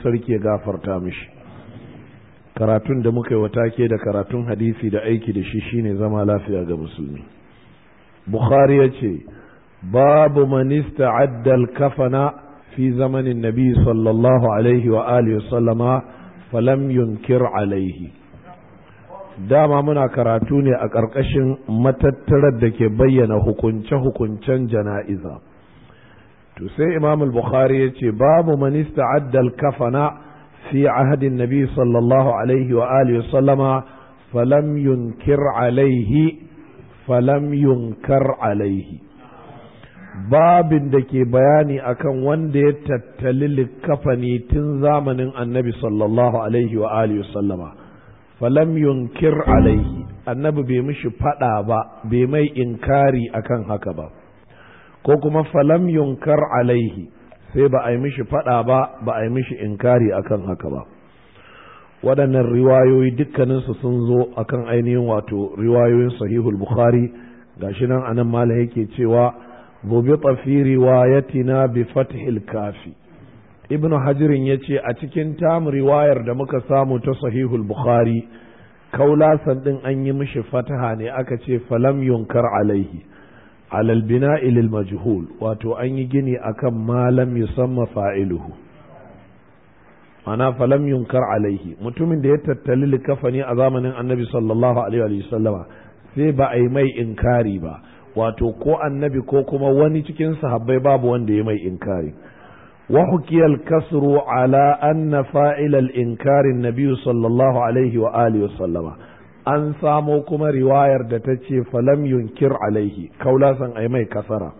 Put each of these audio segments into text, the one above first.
sarki gafarta mishi karatun da muka yi wa take da karatun hadisi da aiki da shi shine zama lafiya ga musulmi bukhari ya ce babu manista addal kafana fi zamanin nabi sallallahu alaihi wa alihi sallama falam yunkir alaihi dama muna karatu ne a ƙarƙashin matattarar da ke bayyana hukunce-hukuncen jana'iza to sai imam al-bukhari ya ce babu man ista'adda al-kafana fi ahdi nabi sallallahu alaihi wa alihi sallama falam yunkir alaihi falam yunkar alaihi babin da ke bayani akan wanda ya tattali likafani tun zamanin annabi sallallahu alaihi wa alihi sallama falam yunkir alaihi annabi bai mishi fada ba bai mai inkari akan haka ba ko kuma falam yunkar alaihi sai ba a yi mishi faɗa ba ba a yi mishi inkari akan haka ba waɗannan riwayoyi dukkaninsu sun zo akan ainihin wato riwayoyin sahihul bukhari gashi nan anan mala yake cewa bubita fi riwayatina bi fathil kafi ibnu hajirin ya ce a cikin tam riwayar da muka samu ta sahihul bukhari san ɗin an yi mishi fataha ne aka ce falam yunkar alaihi alal Ilil majhul wato an yi gini akan malam yusamma fa'iluhu ana falam yunkar alaihi mutumin da ya tattali likafani a zamanin annabi sallallahu alaihi wa sallama sai ba a yi mai inkari ba wato ko annabi ko kuma wani cikin sahabbai babu wanda ya mai inkari wa hukiyal kasru ala anna fa'ilal inkarin nabi sallallahu alaihi wa alihi wa sallama an samo kuma riwayar da ta ce falam yunkir alaihi kaula san ai mai kasara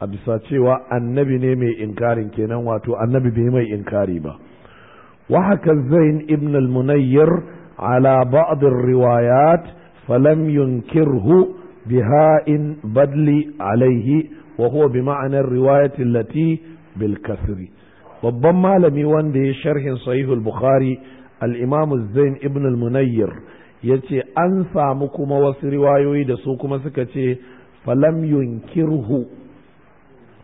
a bisa cewa annabi ne mai inkarin kenan wato annabi bai mai inkari ba wa haka zain ibn al-munayyir ala ba'd riwayat falam yunkirhu biha'in badli alaihi wa huwa bi ma'anar riwayat allati bil kasri babban malami wanda ya sharhin sahihul bukhari al-imam zain ibn al-munayyir ya ce an samu kuma wasu riwayoyi da su kuma suka ce falam yunkirhu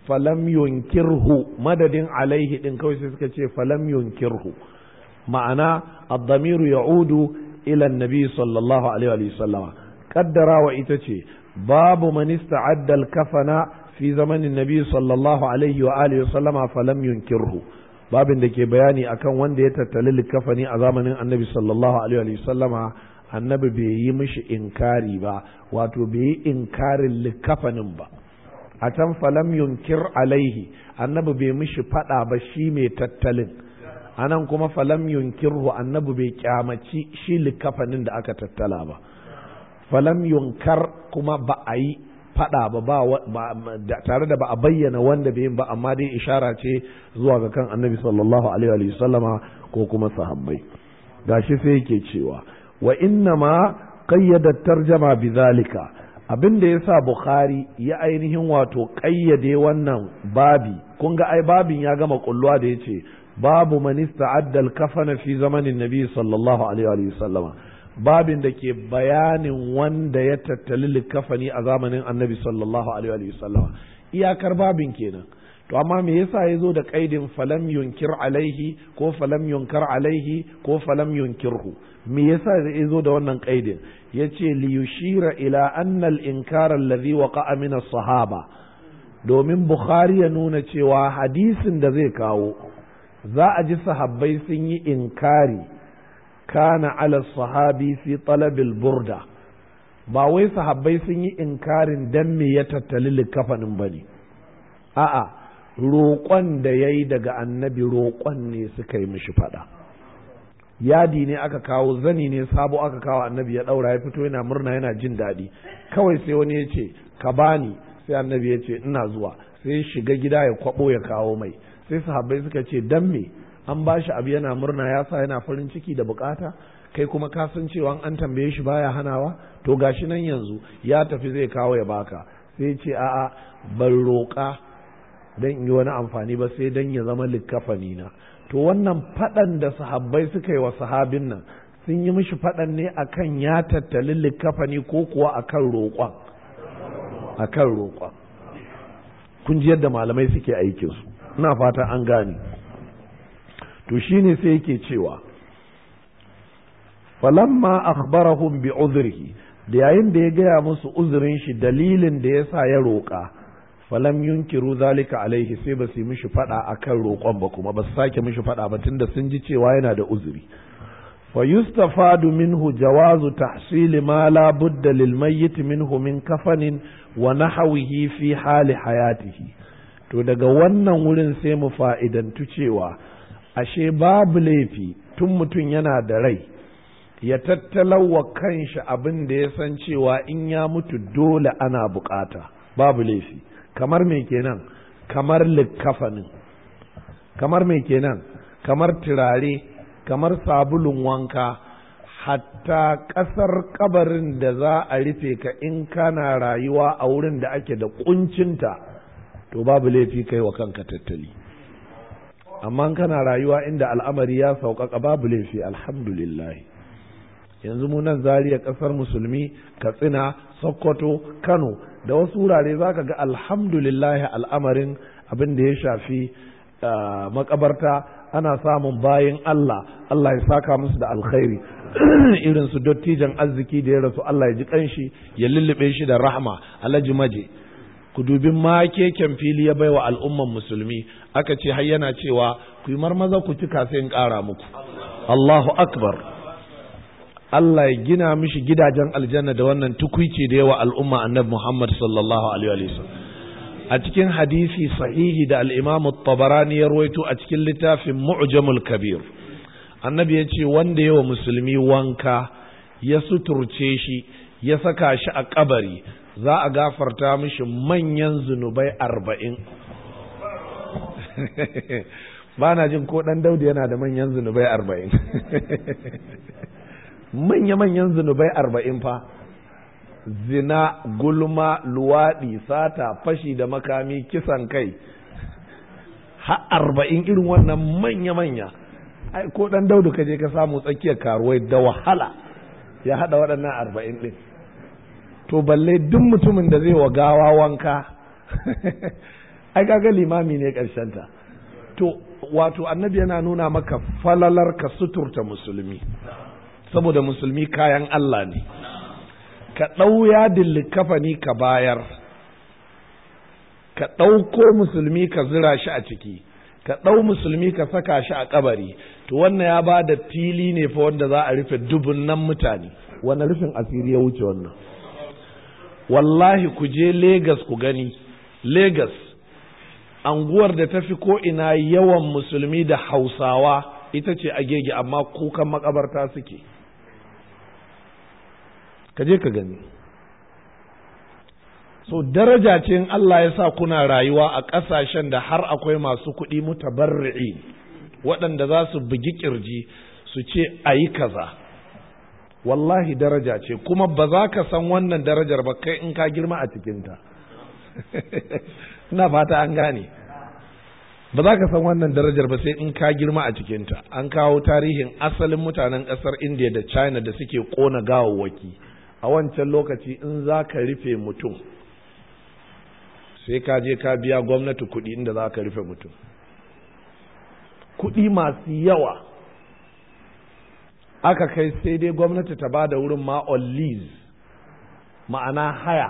falam yunkirhu madadin alaihi din kawai sai suka ce falam yunkirhu ma'ana ad ya'udu ila an sallallahu alaihi wa sallama kaddarawa ita ce babu man ista'adda al-kafana fi zamanin nabi sallallahu alaihi wa alihi wa sallama falam yunkirhu babin da ke bayani akan wanda ya tattali likafani a zamanin annabi sallallahu alaihi wa sallama annabi bai yi mishi inkari ba wato bai yi inkarin likafanin ba a can falam yunkir alaihi annabi bai mishi fada ba shi mai tattalin anan kuma falam yunkirhu annabi bai kyamaci shi likafanin da aka tattala ba falam yunkar kuma ba a yi fada ba tare da ba a bayyana wanda bai ba amma dai ishara ce zuwa ga kan annabi sallallahu alaihi wa sallama ko kuma sahabbai gashi sai yake cewa wa inna ma qayyada tarjama bizalika abin da sa bukhari ya ainihin wato ƙayyade wannan babi kun ga ai babin ya gama kulluwa da ya ce babu man ista'adda al-kafana fi zamanin nabi sallallahu alaihi babin da ke bayanin wanda ya tattali kafani a zamanin annabi sallallahu alaihi iyakar babin kenan to amma me yasa ya zo da kaidin falam yunkir alaihi ko falam yunkar alaihi ko falam yunkirhu me yasa ya zo da wannan kaidin yace li yushira ila anna al inkar alladhi waqa'a min as-sahaba domin bukhari ya nuna cewa hadisin da zai kawo za a ji sahabbai sun yi inkari kana ala sahabi fi talabil burda ba wai sahabbai sun yi inkarin dan me ya tattali likafanin bane a'a roƙon da ya yi daga annabi roƙon ne suka yi mishi faɗa yadi ne aka kawo zani ne sabo aka kawo annabi ya ɗaura ya fito yana murna yana jin daɗi kawai sai wani ya ce ka bani sai annabi ya ce ina zuwa sai shiga gida ya kwaɓo ya kawo mai sai sahabbai suka ce dan me an ba shi abu yana murna ya sa yana farin ciki da bukata kai kuma ka san cewa an tambaye shi baya hanawa to gashi nan yanzu ya tafi zai kawo ya baka sai ce a'a ban roƙa don in yi wani amfani ba sai don ya zama likafani na to wannan faɗan da sahabbai suka yi wa sahabin nan sun yi mishi faɗan ne akan ya tattali likafani ko kuwa akan roƙon A kan roƙon kun ji yadda malamai suke aikinsu ina fata an gane to shi ne sai yake cewa falamma akhbarahum bi uzrihi da yayin da ya gaya musu uzurin shi dalilin da ya sa ya roƙa falam yunkiru zalika alaihi sai ba su yi mishi fada kan roƙon ba kuma ba su sake mishi fada ba tunda sun ji cewa yana da uzuri fa yustafadu minhu jawazu tahsili ma la budda lil mayyit minhu min kafanin wa nahwihi fi hali hayatihi to daga wannan wurin sai mu fa'idantu cewa ashe babu laifi tun mutum yana da rai ya tattalawa kanshi abin da ya san cewa in ya mutu dole ana bukata babu laifi kamar me kenan kamar likkafanin kamar me kenan kamar turare kamar sabulun wanka hatta ƙasar kabarin da za a rufe ka in kana rayuwa a wurin da ake da kuncinta to babu laifi kai wa kanka tattali amma kana rayuwa inda al'amari ya sauƙaƙa babu laifi alhamdulillah yanzu mu nan zariya ƙasar musulmi katsina sokoto kano da wasu wurare za ka ga alhamdulillahi al'amarin abin da ya shafi makabarta ana samun bayan Allah Allah ya saka musu da alkhairi irin su dottijan arziki da ya rasu Allah ya ji kanshi ya lullube shi da rahma alhaji maje ku dubi ma keken fili ya baiwa al'umman musulmi aka ce har yana cewa ku yi marmaza ku cika sai yin ƙara muku Allahu akbar Allah ya gina mishi gidajen aljanna da wannan tukuici da yawa al'umma annabi Muhammad sallallahu alaihi wa sallam a cikin hadisi sahihi da al-Imam at-Tabarani ya rawaito a cikin littafin Mu'jamul Kabir annabi ya ce wanda yawa musulmi wanka ya suturce shi ya saka shi a kabari za a gafarta mishi manyan zunubai arba'in ba na jin ko ɗan daudi yana da manyan zunubai arba'in manya-manyan zunubai arba'in fa zina gulma luwaɗi sata fashi da makami kisan kai Ha arba'in irin wannan manya-manya ai ko ɗan daudu ka je ka samu tsakiyar karuwai da wahala ya haɗa waɗannan arba'in ɗin to balle duk mutumin da zai wa gawa wanka ai kaga limami ne ta to wato annabi yana nuna maka falalar ka suturta musulmi saboda musulmi kayan Allah ne ka ɗau yadin likafani ka bayar ka ɗauko musulmi ka zira shi a ciki ka ɗau musulmi ka saka shi a ƙabari, to wannan ya ba da fili ne fa wanda za a rufe dubunnan mutane wani rufin asiri ya wuce wannan wallahi ku je Legas ku gani Legas anguwar da ta fi ko'ina yawan musulmi da hausawa ita ce a agege amma kukan makabarta suke ka je ka gani so daraja ce in Allah ya sa kuna rayuwa a ƙasashen da har akwai masu kuɗi mutabarri'i waɗanda za su bugi ƙirji su ce a yi kaza wallahi daraja ce kuma ba za ka san wannan darajar ba kai in ka girma a cikinta ina fata an gane ba za ka san wannan darajar ba sai in ka girma a cikinta an kawo tarihin asalin mutanen ƙasar indiya da china da suke ƙona gawawwaki a wancan lokaci in za ka rufe mutum sai ka je ka biya gwamnati kuɗi inda za ka rufe mutum kuɗi masu yawa aka kai sai dai gwamnati ta ba da wurin ma ma'ana haya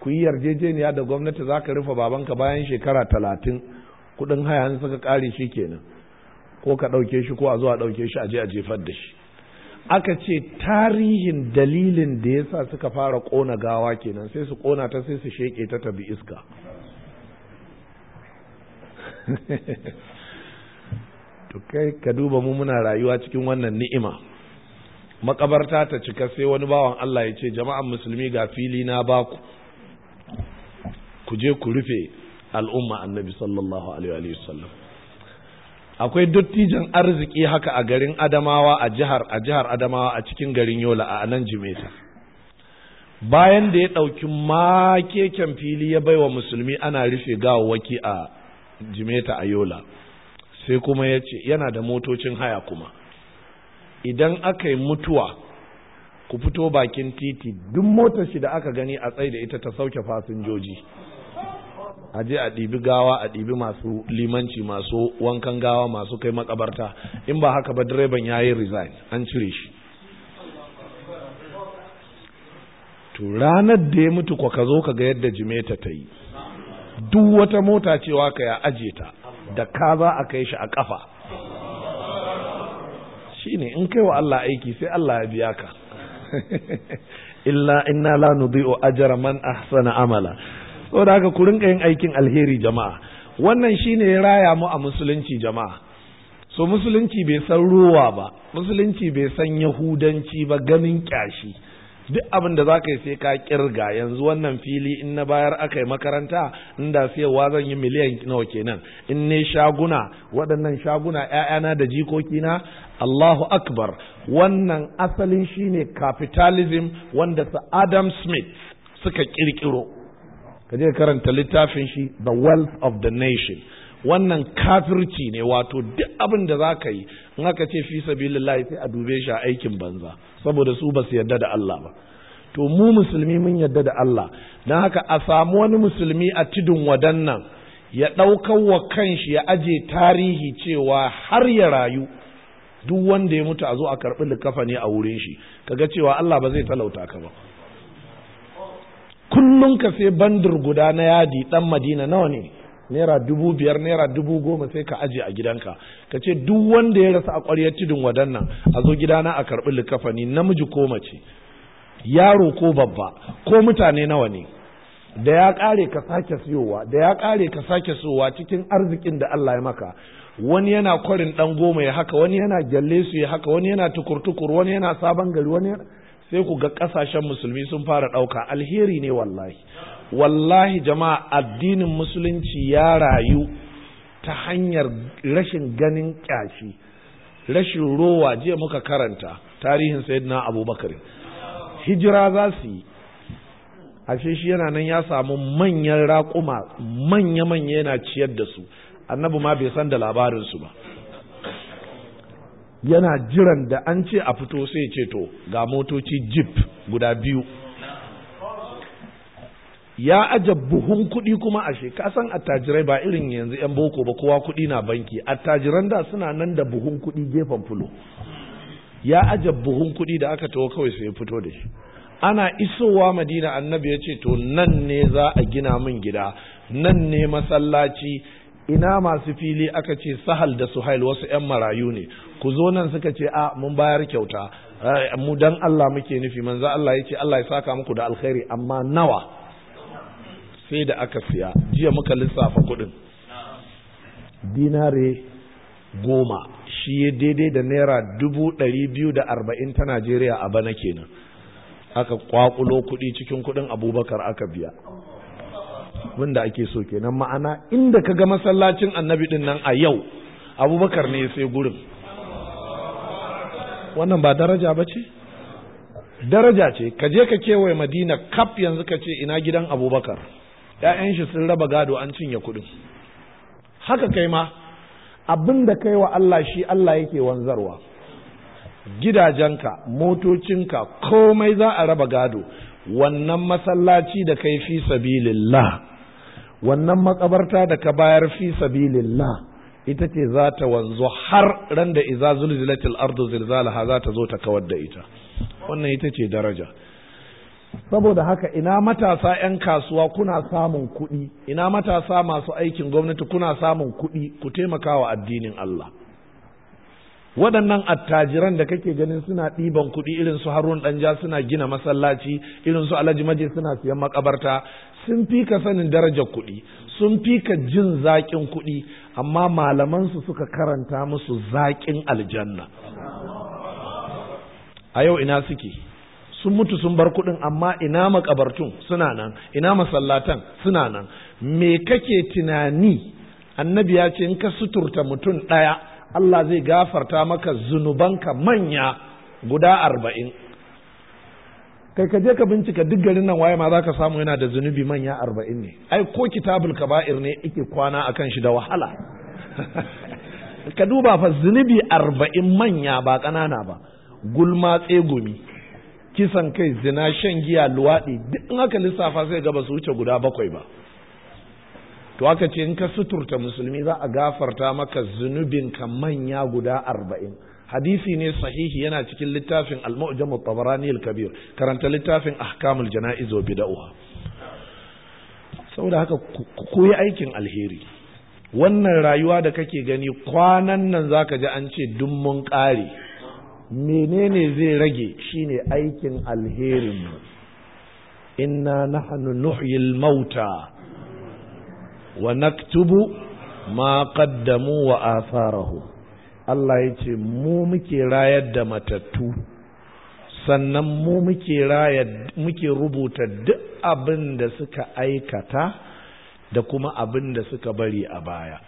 ku yi yarjejeniya da gwamnati za ka rufe babanka bayan shekara talatin kuɗin haya suka ƙare shi kenan ko ka ɗauke shi ko a zuwa ɗauke shi a je a jefar da shi aka ce tarihin dalilin da ya sa suka fara ƙona gawa kenan sai su ƙona ta sai su sheƙe ta tabi iska to kai ka duba mu muna rayuwa cikin wannan ni'ima makabarta ta cika sai wani bawan Allah ya ce jama'an musulmi ga fili na baku ku je ku rufe al'umma annabi sallallahu alaihi wasallam akwai dattijan arziki haka a garin adamawa a jihar a jihar adamawa a cikin garin yola a nan jimeta bayan da ya ɗauki makeken fili ya baiwa musulmi ana rufe gawawwaki a jimeta a yola sai kuma ya ce yana da motocin haya kuma idan aka yi mutuwa ku fito bakin titi duk motar shi da aka gani a tsaye da ita ta sauke fasinjoji a je a ɗibi gawa a ɗibi masu limanci masu wankan gawa masu kai makabarta in ba haka ba direban ya yi resign an cire shi to ranar da ya mutu kwa ka zo ka ga yadda jimeta ta yi duk wata mota cewa ka ya aje ta da ka za a kai shi a kafa ne in kai wa Allah aiki sai Allah ya biya ka illa inna la nudi'u ajra man ahsana amala saboda haka ku rinka yin aikin alheri jama'a wannan shine ya raya mu a musulunci jama'a so musulunci bai san ruwa ba musulunci bai san yahudanci ba ganin kyashi duk abin da za ka yi sai ka kirga yanzu wannan fili in na bayar aka yi makaranta inda siyarwa zan yi miliyan nawa kenan in ne shaguna waɗannan shaguna ‘ya'yana da jikoki na, Allahu akbar wannan asalin shine capitalism wanda su Adam Smith suka ƙirƙiro. ka je karanta littafin shi the wealth of the nation wannan kafirci ne wato duk abin da za ka yi in aka ce fi sabilillahi sai a dube shi a aikin banza saboda su ba su yarda da Allah ba to mu musulmi mun yarda da Allah dan haka a samu wani musulmi a tudun wadannan ya ɗaukar wa kanshi ya aje tarihi cewa har ya rayu duk wanda ya mutu a zo a karɓi likafa ne a wurin shi kaga cewa Allah ba zai talauta ka ba kullum ka sai bandir guda na yadi dan madina nawa ne naira dubu biyar naira dubu goma sai ka aje a gidanka ka ce duk wanda ya rasa a ƙwaryar tudun wadannan a zo gidana a karɓi likafani namiji ko mace yaro ko babba ko mutane nawa ne da ya ƙare ka sake siyowa da ya ƙare ka sake siyowa cikin arzikin da Allah ya maka wani yana kwarin ɗan goma ya haka wani yana gyalle su ya haka wani yana tukurtukur, tukur wani yana sabon gari wani yana sai ku ga kasashen musulmi sun fara ɗauka alheri ne wallahi wallahi jama'a addinin musulunci ya rayu ta hanyar rashin ganin kyashi rashin rowa jiya muka karanta tarihin sayyidina abubakar hijira za su yi ashe shi yana nan ya samu manyan raƙuma manya-manya yana ciyar da su annabi ma bai san da labarinsu ba yana jiran da an ce a fito sai ce to ga motoci jeep guda biyu ya aje buhun kuɗi kuma a Ka san attajirai ba irin yanzu 'yan boko ba kowa kuɗi na banki attajiran da suna nan da buhun kuɗi gefen fulo ya aje buhun kuɗi da aka taho kawai sai fito da shi ana isowa madina annabi ya ce to nan ne za a gina min gida nan ne masallaci ina masu fili aka ce sahal da suhail wasu 'yan marayu ne ku zo nan suka ce a mun bayar kyauta eh, mu dan Allah muke nufi manzo Allah yace ce Allah ya saka muku da alkhairi amma nawa sai da aka siya jiya muka lissafa kuɗin dinare goma shi ya daidai da naira dubu ɗari biyu da arba'in ta Najeriya a bana kenan aka kwakulo kuɗi cikin kuɗin abubakar aka biya abin da ake so kenan ma'ana inda ka ga masallacin annabi din nan a yau abubakar ne sai gurin wannan ba daraja ba ce daraja ce ka je ka kewaye madina kaf yanzu ka ce ina gidan abubakar ‘ya'yan shi sun raba gado an cinye kuɗin haka kai ma abin da kai wa Allah shi Allah yake wanzarwa gidajenka motocinka komai za a raba gado wannan masallaci da kai fi sabilillah wannan makabarta da ka bayar fi sabilillah ita ce za ta wanzu har ran da iza zulzilatil ardu zilzalaha za ta zo ta kawar da ita wannan ita ce daraja saboda haka ina matasa 'yan kasuwa kuna samun kuɗi ina matasa masu aikin gwamnati kuna samun kuɗi ku taimaka wa addinin Allah waɗannan attajiran da kake ganin suna ɗiban kuɗi irin su harun ɗanja suna gina masallaci irin su alhaji maje suna siyan makabarta sun fi ka sanin darajar kuɗi sun fi ka jin zaƙin kuɗi amma malamansu suka karanta musu zaƙin aljanna a yau ina suke sun mutu sun bar kuɗin amma ina makabartun suna nan ina masallatan suna nan me kake tunani annabi ya ce in ka suturta mutum ɗaya Allah zai gafarta maka zunubanka manya guda arba'in kai ka je ka bincika duk garin nan waye ma za ka samu yana da zunubi manya arba'in ne ai ko kitabul kaba'ir ne ike kwana a kan shi da wahala ka duba fa zunubi arba'in manya ba ƙanana ba gulma tsegumi kisan kai zina shan giya luwaɗi duk in aka lissafa sai gaba su wuce guda bakwai ba to aka ce in ka suturta musulmi za a gafarta maka zunubin zunubinka manya guda arba'in hadisi ne sahihi yana cikin littafin al-mu'jam at-tabarani al-kabir karanta littafin al jana'iz wa bid'ah saboda haka ku yi aikin alheri wannan rayuwa da kake gani kwanan nan zaka ji an ce dun mun kare menene zai rage shine aikin alherin mu inna nahnu al mauta wa naktubu ma qaddamu wa atharahum Allah ya ce mu muke rayar da matattu sannan mu muke rayar muke rubuta duk abin da suka aikata da kuma abin da suka bari a baya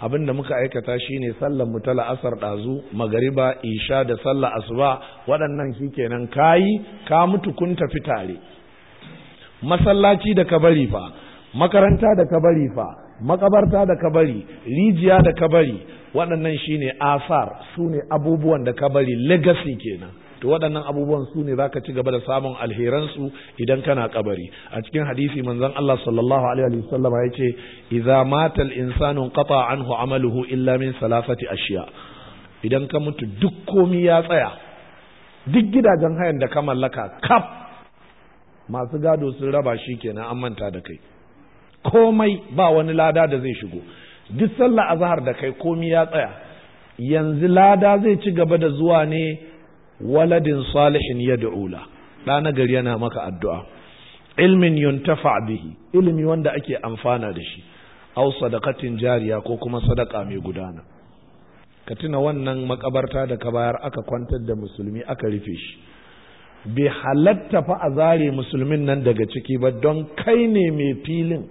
abin da muka aikata shine sallar mu ta la'asar ɗazu magariba isha da sallar asuba waɗannan shikenan kayi ka mutu kun tafi tare masallaci da ka bari fa makaranta da ka bari fa makabarta da kabari rijiya da kabari waɗannan shi ne asar su ne abubuwan da kabari legacy kenan to waɗannan abubuwan su ne zaka ci gaba da samun alheransu idan kana kabari a cikin hadisi manzon Allah sallallahu alaihi wasallam ya ce idza mata al-insanu qata anhu amaluhu illa min salasati ashiya idan ka mutu duk komi ya tsaya duk gidajen hayan da ka mallaka kaf masu gado sun raba shi kenan an manta da kai komai ba wani lada da zai shigo duk sallah azhar da kai komi ya tsaya yanzu lada zai ci gaba da zuwa ne waladin salihin ya da'ula Da na gari yana maka addu'a ilmin yuntafa bihi ilmi wanda ake amfana da shi au sadaqatin jariya ko kuma sadaka mai gudana ka tuna wannan makabarta da ka bayar aka kwantar da musulmi aka rufe shi bai halatta fa a zare musulmin nan daga ciki ba don kai ne mai filin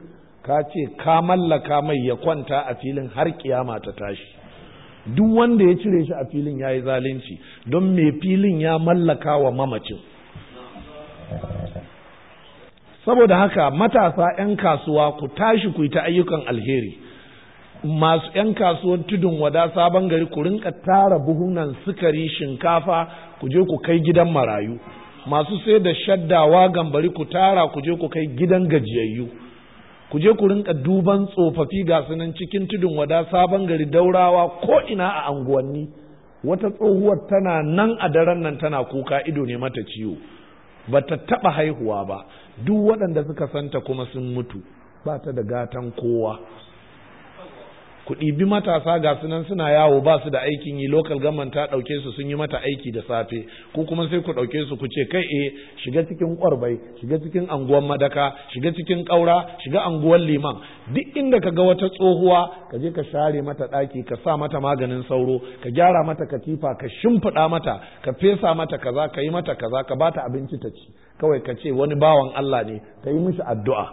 ka ce ka mallaka mai ya kwanta a filin har kiyama ta tashi duk wanda ya cire shi a filin ya yi zalunci don me filin ya mallaka wa mamacin saboda haka matasa 'yan kasuwa ku tashi ku yi ta ayyukan alheri masu 'yan kasuwan tudun wada sabon gari ku rinka tara buhunan sukari shinkafa ku je ku kai gidan marayu masu sai da shaddawa gambari ku tara ku je ku kai gidan gajiyayyu ku je ku rinka duban tsofaffi ga sunan cikin tudun wada sabon gari daurawa ko ina a anguwanni wata tsohuwar tana nan a daren nan tana kuka ido ne mata ciwo ba ta taɓa haihuwa ba duk waɗanda suka santa kuma sun mutu ba ta da gatan kowa ku ɗibi matasa ga su nan suna yawo ba su da aikin yi local government ta ɗauke su sun yi mata aiki da safe ko kuma sai ku ɗauke su ku ce kai e shiga cikin ƙwarbai shiga cikin anguwan madaka shiga cikin ƙaura shiga anguwan liman duk inda ka ga wata tsohuwa ka je ka share mata ɗaki ka sa mata maganin sauro ka gyara mata katifa ka shimfiɗa mata ka fesa mata kaza ka yi mata kaza ka bata abinci ta ci kawai ka ce wani bawan Allah ne ka yi mishi addu'a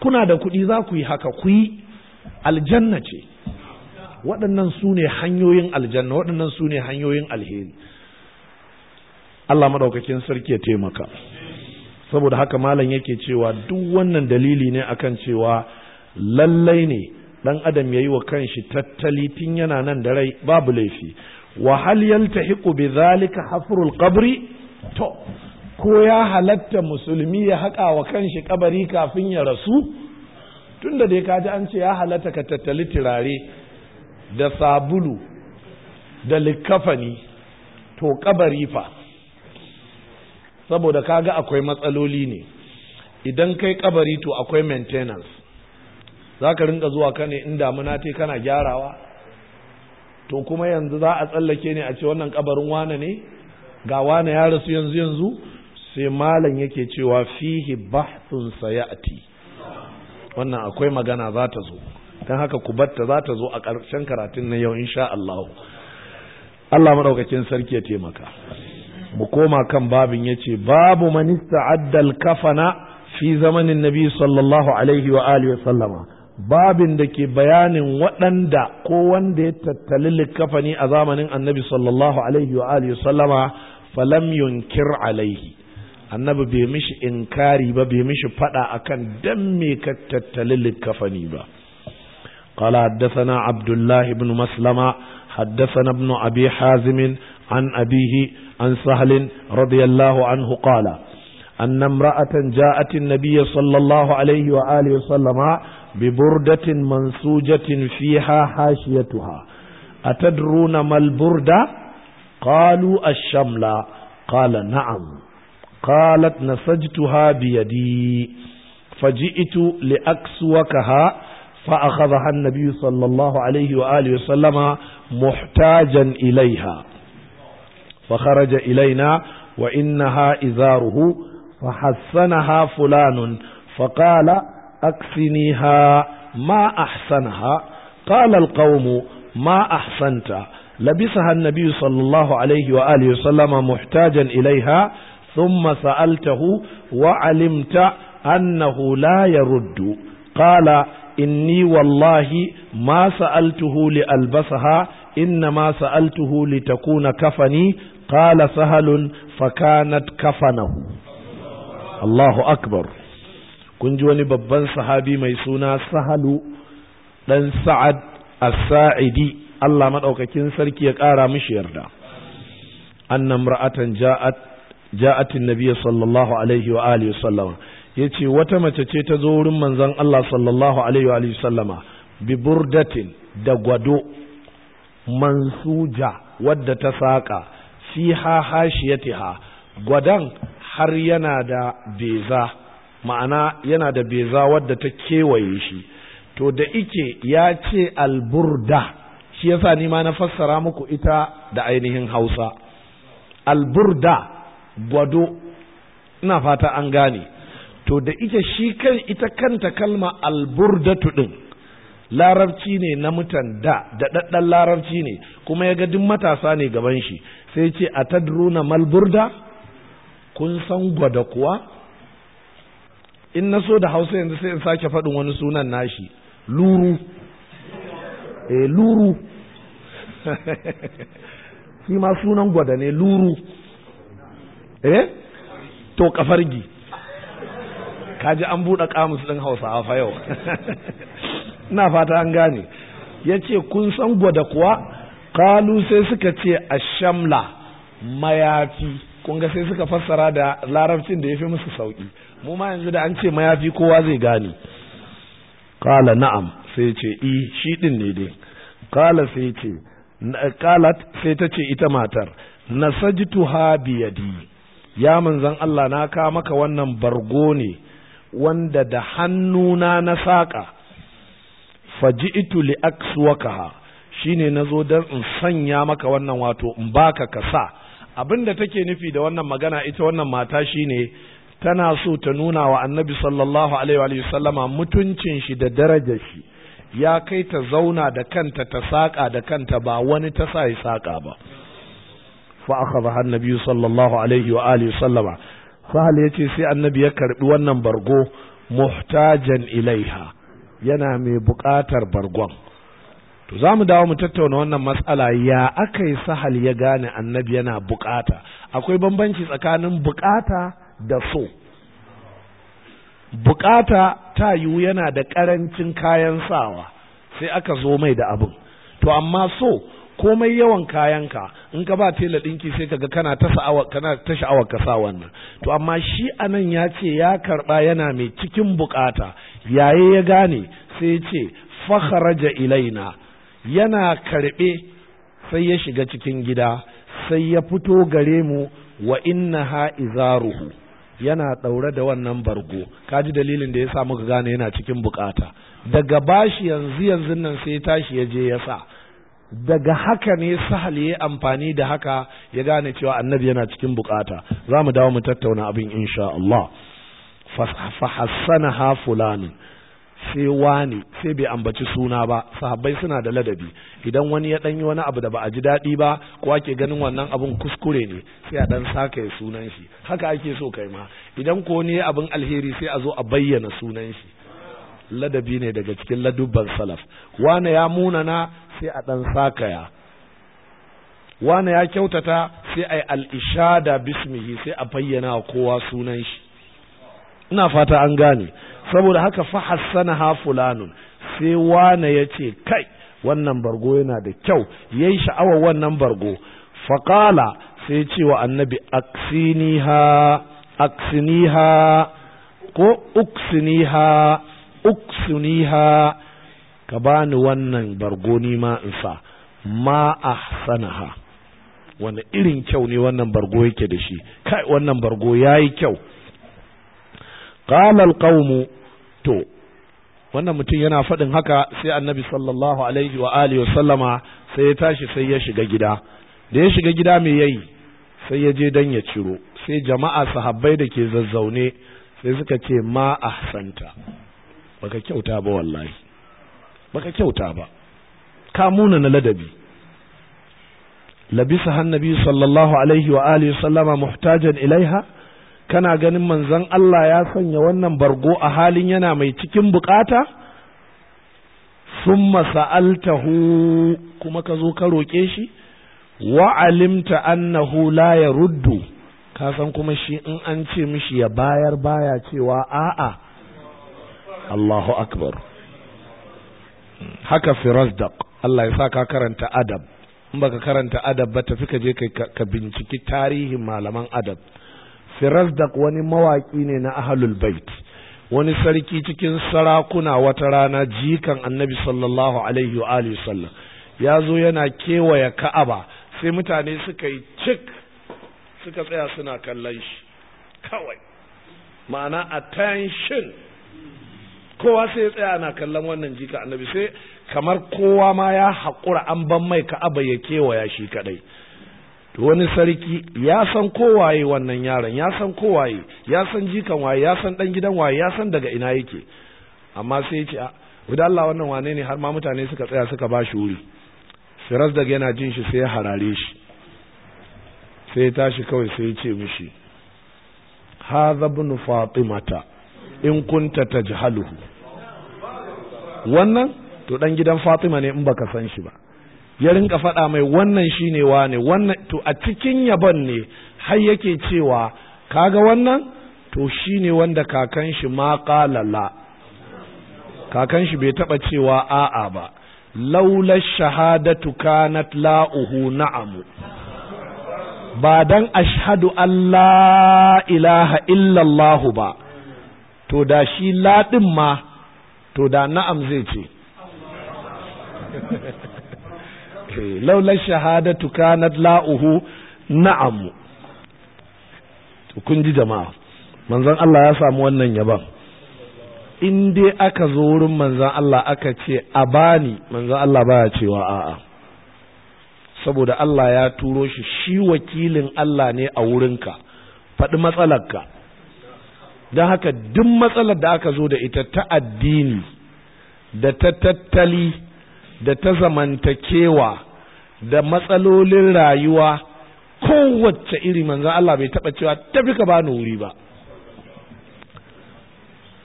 kuna da kuɗi za ku yi haka ku yi aljanna ce waɗannan su ne hanyoyin aljanna waɗannan su ne hanyoyin alheri Allah maɗaukakin sarki ya taimaka saboda haka malam yake cewa duk wannan dalili ne akan cewa lallai ne ɗan adam ya yi wa kanshi tattali tun yana nan da rai babu laifi wa hal hiƙube bi zalika hafrul qabri to ko ya halatta musulmi ya haƙa wa kanshi kabari kafin ya rasu tunda dai kaji an ce ya halatta ka tattali turare da sabulu da likafani to kabari fa saboda kaga akwai matsaloli ne idan kai kabari to akwai maintenance za ka rinka zuwa ka ne in damuna te kana gyarawa to kuma yanzu za a tsallake ne a ce wannan kabarin wane ne ga wane ya rasu yanzu yanzu sai malam yake cewa fihi bahtun sayati wannan akwai magana za ta zo don haka ku batta za ta zo a ƙarshen karatun na yau insha Allah Allah maɗaukakin sarki ya taimaka mu koma kan babin ya ce babu manista addal kafana fi zamanin nabi sallallahu alaihi wa alihi wa sallama babin da ke bayanin waɗanda ko wanda ya tattali likkafani a zamanin annabi sallallahu alaihi wa alihi wa sallama falam yunkir alaihi annabi bai mishi inkari ba bai mishi fada akan dan me ka tattali likafani ba قال حدثنا عبد الله بن مسلمة حدثنا ابن أبي حازم عن أبيه عن سهل رضي الله عنه قال أن امرأة جاءت النبي صلى الله عليه وآله وسلم ببردة منسوجة فيها حاشيتها أتدرون ما البردة قالوا الشملة قال نعم qalat ha biyadi yadi faji'tu li akswakaha fa akhadhaha an sallallahu alaihi wa alihi muhtajan ilaiha fa kharaja ilaina wa ha izaruhu fa hassanaha fulanun fa qala aksiniha ma ahsanaha qala al-qawmu ma ahsanta لبسها النبي صلى الله عليه وآله وسلم محتاجا إليها ثم سألته وعلمت أنه لا يرد قال إني والله ما سألته لألبسها إنما سألته لتكون كفني قال سهل فكانت كفنه الله أكبر kun ji wani babban sahabi mai suna sahalu ɗan sa'ad as-sa'idi Allah maɗaukakin sarki ya ƙara mishi yarda annan ja'atin Nabiya sallallahu alaihi wa alihi sallama yace wata mace ce ta zo wurin manzon Allah sallallahu alaihi wa alihi sallama bi da gwado mansuja wadda ta saka fiha hashiyatiha gwadan har yana da beza ma'ana yana da beza wadda ta kewaye shi to da ike ya ce alburda shi yasa ni ma na fassara muku ita da ainihin Hausa alburda gwado ina fata an gane to da ita shi kan ita kanta kalma alburdatu din larabci ne na mutan da da daddan larabci ne kuma ya ga duk matasa ne gaban shi sai ce a tadruna malburda kun san gwada kuwa in na so da hausa yanzu sai in sake faɗin wani sunan nashi luru eh luru shi ma sunan gwada ne luru eh to kafargi kaji an buɗe kamus ɗin hausawa fa yau ina fata an gane yace ce kun san gwada kuwa kalu sai suka ce ashamla mayafi kun ga sai suka fassara da larabcin da ya fi musu sauki mu ma yanzu da an ce mayafi kowa zai gane kala na'am sai ce i eh, shi ɗin ne dai kala sai ce kalat sai ta ce ita matar nasajtuha biyadi ya manzan Allah na ka maka wannan bargo ne wanda da hannuna na saƙa faji'tu li akswakaha shine nazo dan in sanya maka wannan wato in baka ka sa abinda take nufi da wannan magana ita wannan mata shine tana so ta nuna wa annabi sallallahu alaihi wa sallama mutuncin shi da daraja shi ya kai ta zauna da kanta ta saƙa da kanta ba wani ta sa ya saƙa ba fa akhadha annabi sallallahu alaihi wa alihi sallama sahal yace sai annabi ya karbi wannan bargo muhtajan ilaiha yana mai buƙatar bargon to za mu dawo mu tattauna wannan matsala ya akayi sahal ya gane annabi yana buƙata akwai bambanci tsakanin buƙata da so buƙata ta yiwu yana da ƙarancin kayan sawa sai aka zo mai da abin to amma so komai yawan kayanka in ka ba tela ɗinki sai kaga kana ta kana ta sha'awar ka sa wannan to amma shi anan ya ce ya karɓa yana mai cikin bukata yaye ya gane sai ya ce fakharaja ilaina yana karɓe sai ya shiga cikin gida sai ya fito gare mu wa innaha izaruhu yana ɗaure da wannan bargo kaji dalilin da ya sa muka gane yana cikin bukata daga bashi yanzu yanzu nan sai ya tashi ya je ya sa daga haka ne sahal ya amfani da haka ya gane cewa annabi yana cikin bukata za mu dawo mu tattauna abin insha Allah ha fulanin sai wani sai bai ambaci suna ba sahabbai suna da ladabi idan wani ya ɗanyi wani abu da ba a ji daɗi ba ko ake ganin wannan abun kuskure ne sai a ɗan saka ya sunan shi haka ake so kai ma idan ko ne abin alheri sai a zo a bayyana sunan shi ladabi ne daga cikin ladubban salaf wane ya munana sai a ɗan sakaya wane ya kyautata sai a yi al'ishada bismihi sai a fayyana kowa sunan shi ina fata an gane saboda haka fa hassana ha fulanun sai wane ya ce kai wannan bargo yana da kyau ya yi sha'awar wannan bargo faƙala sai ce wa annabi aksiniha aksiniha ko uksiniha uksuniha ka bani wannan bargoni ma in sa ma ahsanaha wani irin kyau ne wannan bargo yake da shi kai wannan bargo yayi kyau qala alqawmu to wannan mutum yana faɗin haka sai annabi sallallahu alaihi wa alihi sallama sai ya tashi sai ya shiga gida da ya shiga gida me yayi sai ya je dan ya ciro sai jama'a sahabbai da ke zazzaune sai suka ce ma ahsanta baka kyauta ba wallahi baka kyauta ba ka muna na ladabi labisa hannabi sallallahu alaihi wa alihi sallama muhtajan ilaiha kana ganin manzon Allah ya sanya wannan bargo a halin yana mai cikin bukata summa sa'altahu kuma ka zo ka roke shi wa alimta annahu la yaruddu ka san kuma shi in an ce mishi ya bayar baya cewa a'a Allahu akbar haka firazdaq Allah ya sa ka karanta adab in baka karanta adab ba tafi ka je ka binciki tarihin malaman adab firazdaq wani mawaki ne na ahlul bait wani sarki cikin sarakuna wata rana jikan annabi sallallahu alaihi wa alihi sallam ya zo yana kewaya ka'aba sai mutane suka yi cik suka tsaya suna kallon shi kawai ma'ana attention kowa sai ya tsaya ana kallon wannan jika annabi sai kamar kowa ma ya haƙura an ban mai ka ka'aba ya kewaya shi kadai to wani sarki ya san kowaye wannan yaron ya san kowaye ya san jikan waye ya san dan gidan waye ya san daga ina yake amma sai ya ce guda Allah wannan wane ne har ma mutane suka tsaya suka ba shi wuri siras daga yana jin shi sai ya harare shi sai ya tashi kawai sai ya ce mishi hadha ibn fatimata in kunta ta jihaluhu wannan to dan gidan Fatima ne in baka san shi ba ya rinka faɗa mai wannan shine wane wannan to a cikin yabon ne har yake cewa kaga wannan to shine wanda kakan shi ma la kakan shi bai taɓa cewa a'a ba laula shahadatu kanat la'uhu na'amu ba dan ashhadu an la ilaha illallahu ba to da shi laɗin ma to da na'am zai ce eh, laular shahada kanat la'uhu na'am kun ji jama'a manzan Allah ya samu wannan yaban in dai aka zo wurin manzan Allah aka ce a bani manzan Allah baya cewa a'a saboda Allah ya turo shi shi wakilin Allah ne a wurinka faɗi matsalarka don haka duk matsalar da aka zo da ita ta addini da ta tattali da ta zamantakewa da matsalolin rayuwa kowace iri manzan Allah bai taɓa cewa tafi ka bani wuri ba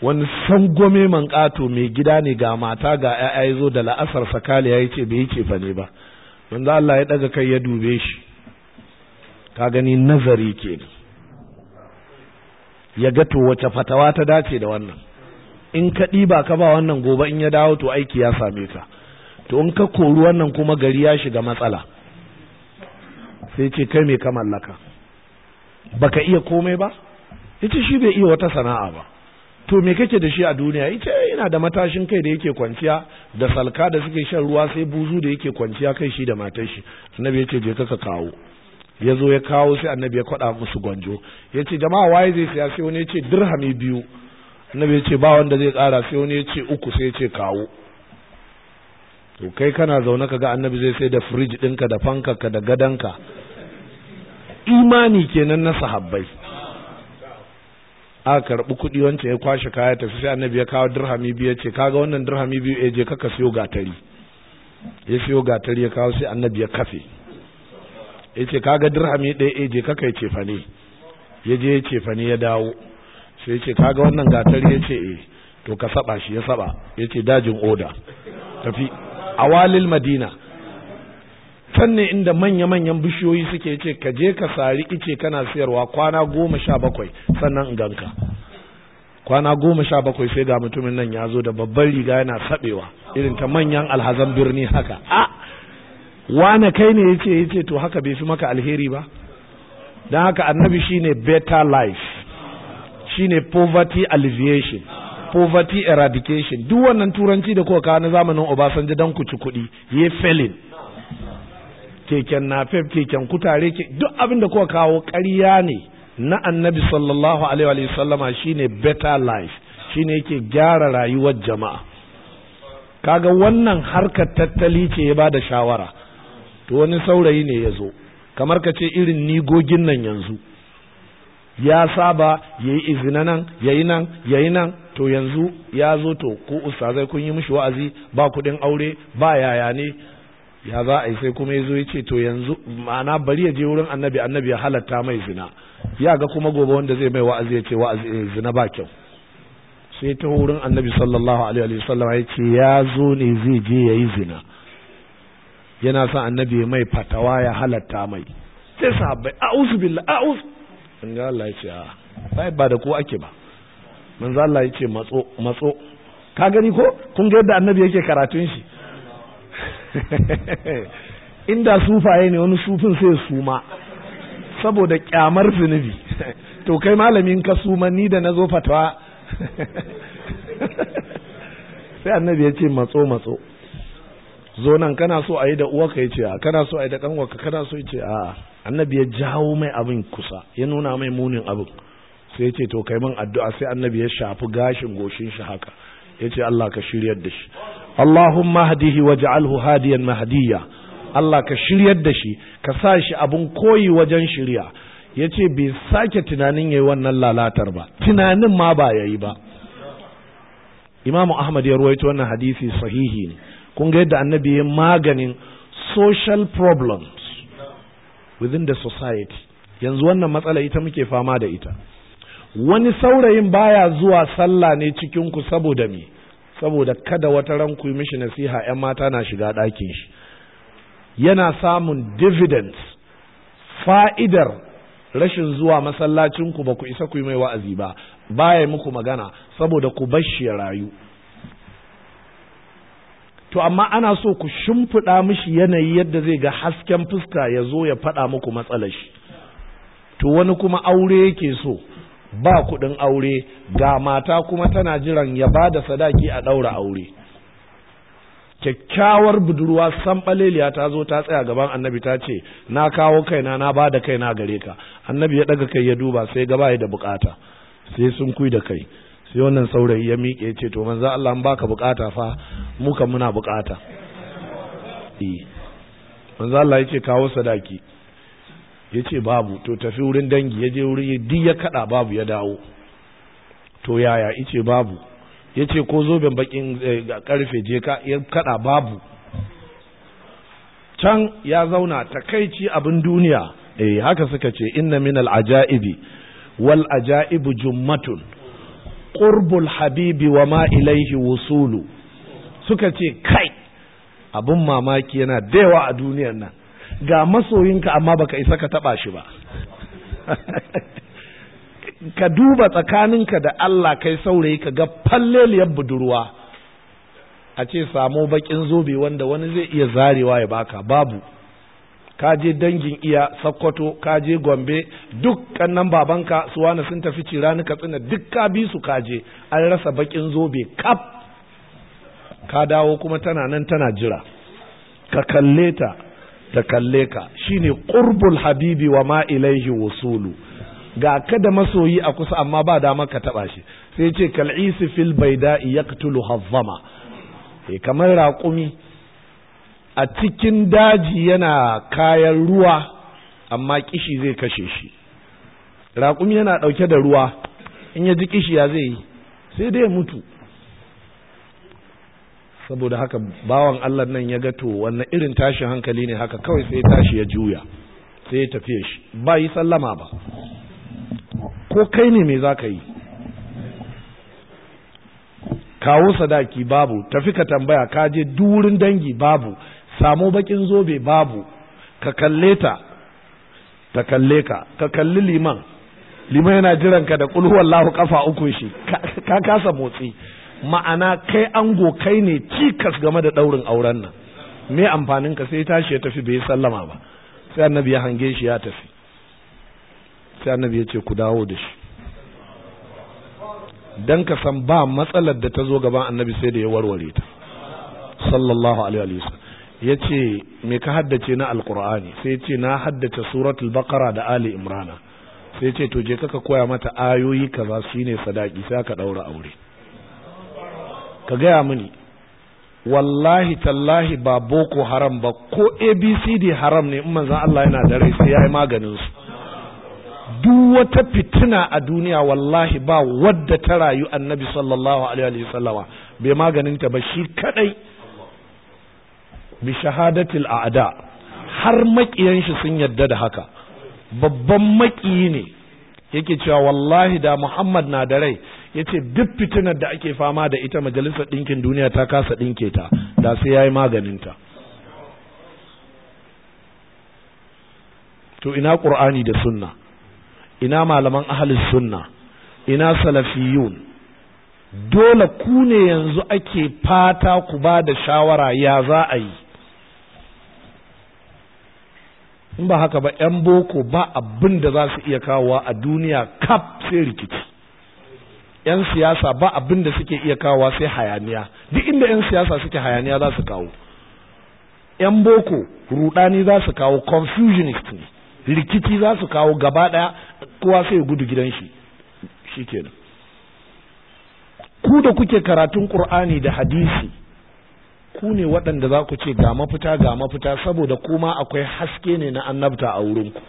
wani sangome man ƙato mai gida ne ga mata ga ‘ya'ya ya zo da la'asar sakali ya yi ce bai yi cefa ne ba manzan Allah ya ɗaga kai ya dube shi ka gani nazari kenan ya ga to wace fatawa ta dace da wannan in ka ba ka ba wannan gobe in ya dawo to aiki ya same ka to in ka kori wannan kuma gari ya shiga matsala sai ce kai me ka mallaka baka iya komai ba yace shi bai iya wata sana'a ba to me kake da shi a duniya yace ina da matashin kai da yake kwanciya da salka da suke shan ruwa sai buzu da yake kwanciya kai shi da matar shi annabi yace je ka kawo ya zo ya kawo sai annabi ya kwaɗa musu gwanjo ya ce jama'a waye zai siya sai wani ya ce dirhami biyu annabi ya ce ba wanda zai kara. sai wani ya ce uku sai ya ce kawo to kai kana zaune ka ga annabi zai sai da firij ɗinka da ka da gadanka imani kenan na sahabbai a karɓi kuɗi wancan ya kwashe kaya tafi sai annabi ya kawo dirhami biyu ya ce kaga wannan dirhami biyu ya eh, je ka siyo gatari ya siyo gatari ya kawo sai annabi ya kafe ya ce kaga dirhami ɗaya ya eh, je kaka ya cefane ya je ya ne ya dawo sai ya ce kaga wannan gatar ya ce eh to ka saba shi ya saba ya ce dajin oda tafi a walil madina can ne inda manya-manyan bishiyoyi suke ce ka je ka sari ice kana siyarwa kwana goma sha bakwai sannan in ganka kwana goma sha bakwai sai ga mutumin nan ya zo da babban riga yana saɓewa irin ta manyan alhazan birni haka a ah! wane kai ne yace yace to haka bai fi maka alheri ba don haka annabi shine better life shine poverty alleviation poverty eradication duk wannan turanci da kuka na zamanin Obasanjo dan ku ci kuɗi ye felin keken nafef keken kutare ke duk abin da kuka kawo ƙarya ne na annabi sallallahu alaihi wa sallama shine better life shine yake gyara rayuwar jama'a kaga wannan harkar tattali ce ya bada shawara to wani saurayi ne ya zo kamar ka ce irin nigogin nan yanzu ya saba ya yi izina nan ya yi nan ya yi nan to yanzu ya zo to ko ustazai kun yi mishi wa'azi ba kuɗin aure ba yaya ne ya za a yi sai kuma ya zo ya ce to yanzu ma'ana bari ya je wurin annabi annabi ya halatta mai zina ya ga kuma gobe wanda zai mai wa'azi ya ce wa'azi eh, zina ba kyau sai ta wurin annabi sallallahu alaihi wa ya ce ya zo ne zai je ya yi zina yana sa annabi mai fatawa ya halatta mai sai sahabbai billa a usu in ga Allah ya ce a ah, bai ba da ko ake ba manzo Allah ya ce matso matso ka gani ko kun ga yadda annabi yake karatun shi inda sufaye ne wani sufin sai suma saboda kyamar zunubi to kai malamin ka suma ni da nazo fatawa sai annabi ya ce matso matso zo nan kana so a yi da uwarka ya ce a kana so a yi da kanwarka kana so ya ce a annabi ya jawo mai abin kusa ya nuna mai munin abin sai ya ce to kai min addu'a sai annabi ya shafi gashin goshin shi haka ya ce Allah ka shiryar da shi Allahumma hadihi ja'alhu hadiyan mahdiya Allah ka shiryar da shi ka sa shi abun koyi wajen shirya ya ce bai sake tunanin yayi wannan lalatar ba tunanin ma ba yayi ba Imam Ahmad ya ruwaito wannan hadisi sahihi ne kun ga yadda annabi ya maganin social problems within the society yanzu wannan matsala ita muke fama da ita wani saurayin baya zuwa sallah ne cikin ku saboda me saboda kada wata ran ku mishi nasiha ƴan mata na shiga ɗakin shi yana samun dividends fa'idar rashin zuwa masallacin ku ba ku isa ku yi mai wa'azi ba baya muku magana saboda ku bashi ya rayu to amma ana so ku shimfiɗa mishi yanayi yadda zai ga hasken fuska ya zo ya faɗa muku matsalar shi to wani kuma aure yake so ba kuɗin aure ga mata kuma tana jiran ya ba da sadaki a ɗaura aure kyakkyawar budurwa sanɓaleliya ta zo ta tsaya gaban annabi ta ce na kawo kaina na bada kaina gare ka annabi ya ɗaga kai ya duba sai gaba ya da bukata sai sun kui da kai sai wannan saurayi ya miƙe ce to manzo Allah an baka bukata fa mu kan muna bukata e, manzo Allah yace kawo sadaki yace babu to tafi wurin dangi yaje wurin duk ya kada babu ya dawo to yaya yace babu yace ko zoben bakin eh, karfe je ka ya kada babu can ya zauna takaici abin duniya eh haka suka ce inna minal ajaibi wal ajaibu jummatun Ƙurbul habibi wa ma ilaihi wusulu suka ce kai abun mamaki yana da a duniyar nan ga masoyinka amma baka isa ka taba shi ba ka duba tsakaninka da Allah kai saurayi ka ga falleliyar budurwa a ce samo baƙin zobe wanda wani zai iya zarewa ya baka babu ka je dangin iya sakkwato ka je gombe duk babanka su wani sun tafi ka katsina duk ka bi su ka je an rasa bakin zobe kaf ka dawo kuma tana nan tana jira ka kalle ta ta kalle ka shine qurbul habibi wa ma ilaihi wusulu ga kada masoyi a kusa amma ba dama ka taba shi sai ce kal'isi fil baida yaqtulu E eh, kamar raƙumi a cikin daji yana kayan ruwa amma kishi zai kashe shi raƙumi yana ɗauke da ruwa in ya ji kishi ya zai yi sai dai mutu saboda haka bawan Allah nan ya gato wannan irin tashin hankali ne haka kawai sai tashi ya juya sai ya tafiye shi ba yi sallama ba ko kai ne mai za ka yi kawo sadaki babu tafi ka tambaya ka je durin dangi babu samu bakin zobe babu ka kalle ta ta kalle ka ka kalli liman liman yana jiran ka da kulhuwan lahu kafa uku shi ka kasa motsi ma'ana kai ango kai ne cikas game da daurin auren nan me amfanin ka sai tashi ya tafi bai sallama ba sai annabi ya hange shi ya tafi sai annabi ya ce ku dawo da shi dan ka san ba matsalar da ta zo gaban annabi sai da ya warware ta sallallahu alaihi wasallam ya ce me ka haddace na alkur'ani sai ce na haddace suratul bakara da ali imrana sai ce to je kaka koya mata ayoyi kaza shine sadaki sai ka daura aure ka gaya mini wallahi tallahi ba boko haram ba ko abcd haram ne in manzon Allah yana da rai sai yayi maganin su duk wata fitina a duniya wallahi ba wadda ta rayu annabi sallallahu alaihi wasallama bai maganin ta ba shi kadai bi shahadatil a'da har makiyan shi sun yarda da haka babban makiyi ne yake cewa wallahi da Muhammad na da rai yace duk fitinar da ake fama da ita majalisar ɗinkin duniya ta kasa ɗinke ta da sai yayi maganin ta to ina qur'ani da sunna ina malaman ahlus sunna ina salafiyun dole ku ne yanzu ake fata ku ba da shawara ya za a yi in ba haka ba 'yan boko ba abin da za su iya kawowa a duniya kaf sai rikici 'yan siyasa ba abin da suke iya kawowa sai hayaniya duk inda 'yan siyasa suke hayaniya za su kawo 'yan boko rudani za su kawo confusionist ne rikici za su kawo gaba ɗaya kowa sai ya gudu gidan shi shi kenan ku da kuke karatun ƙur'ani da hadisi ku ne waɗanda za ku ce ga mafita ga mafita saboda kuma akwai haske ne na annabta a wurinku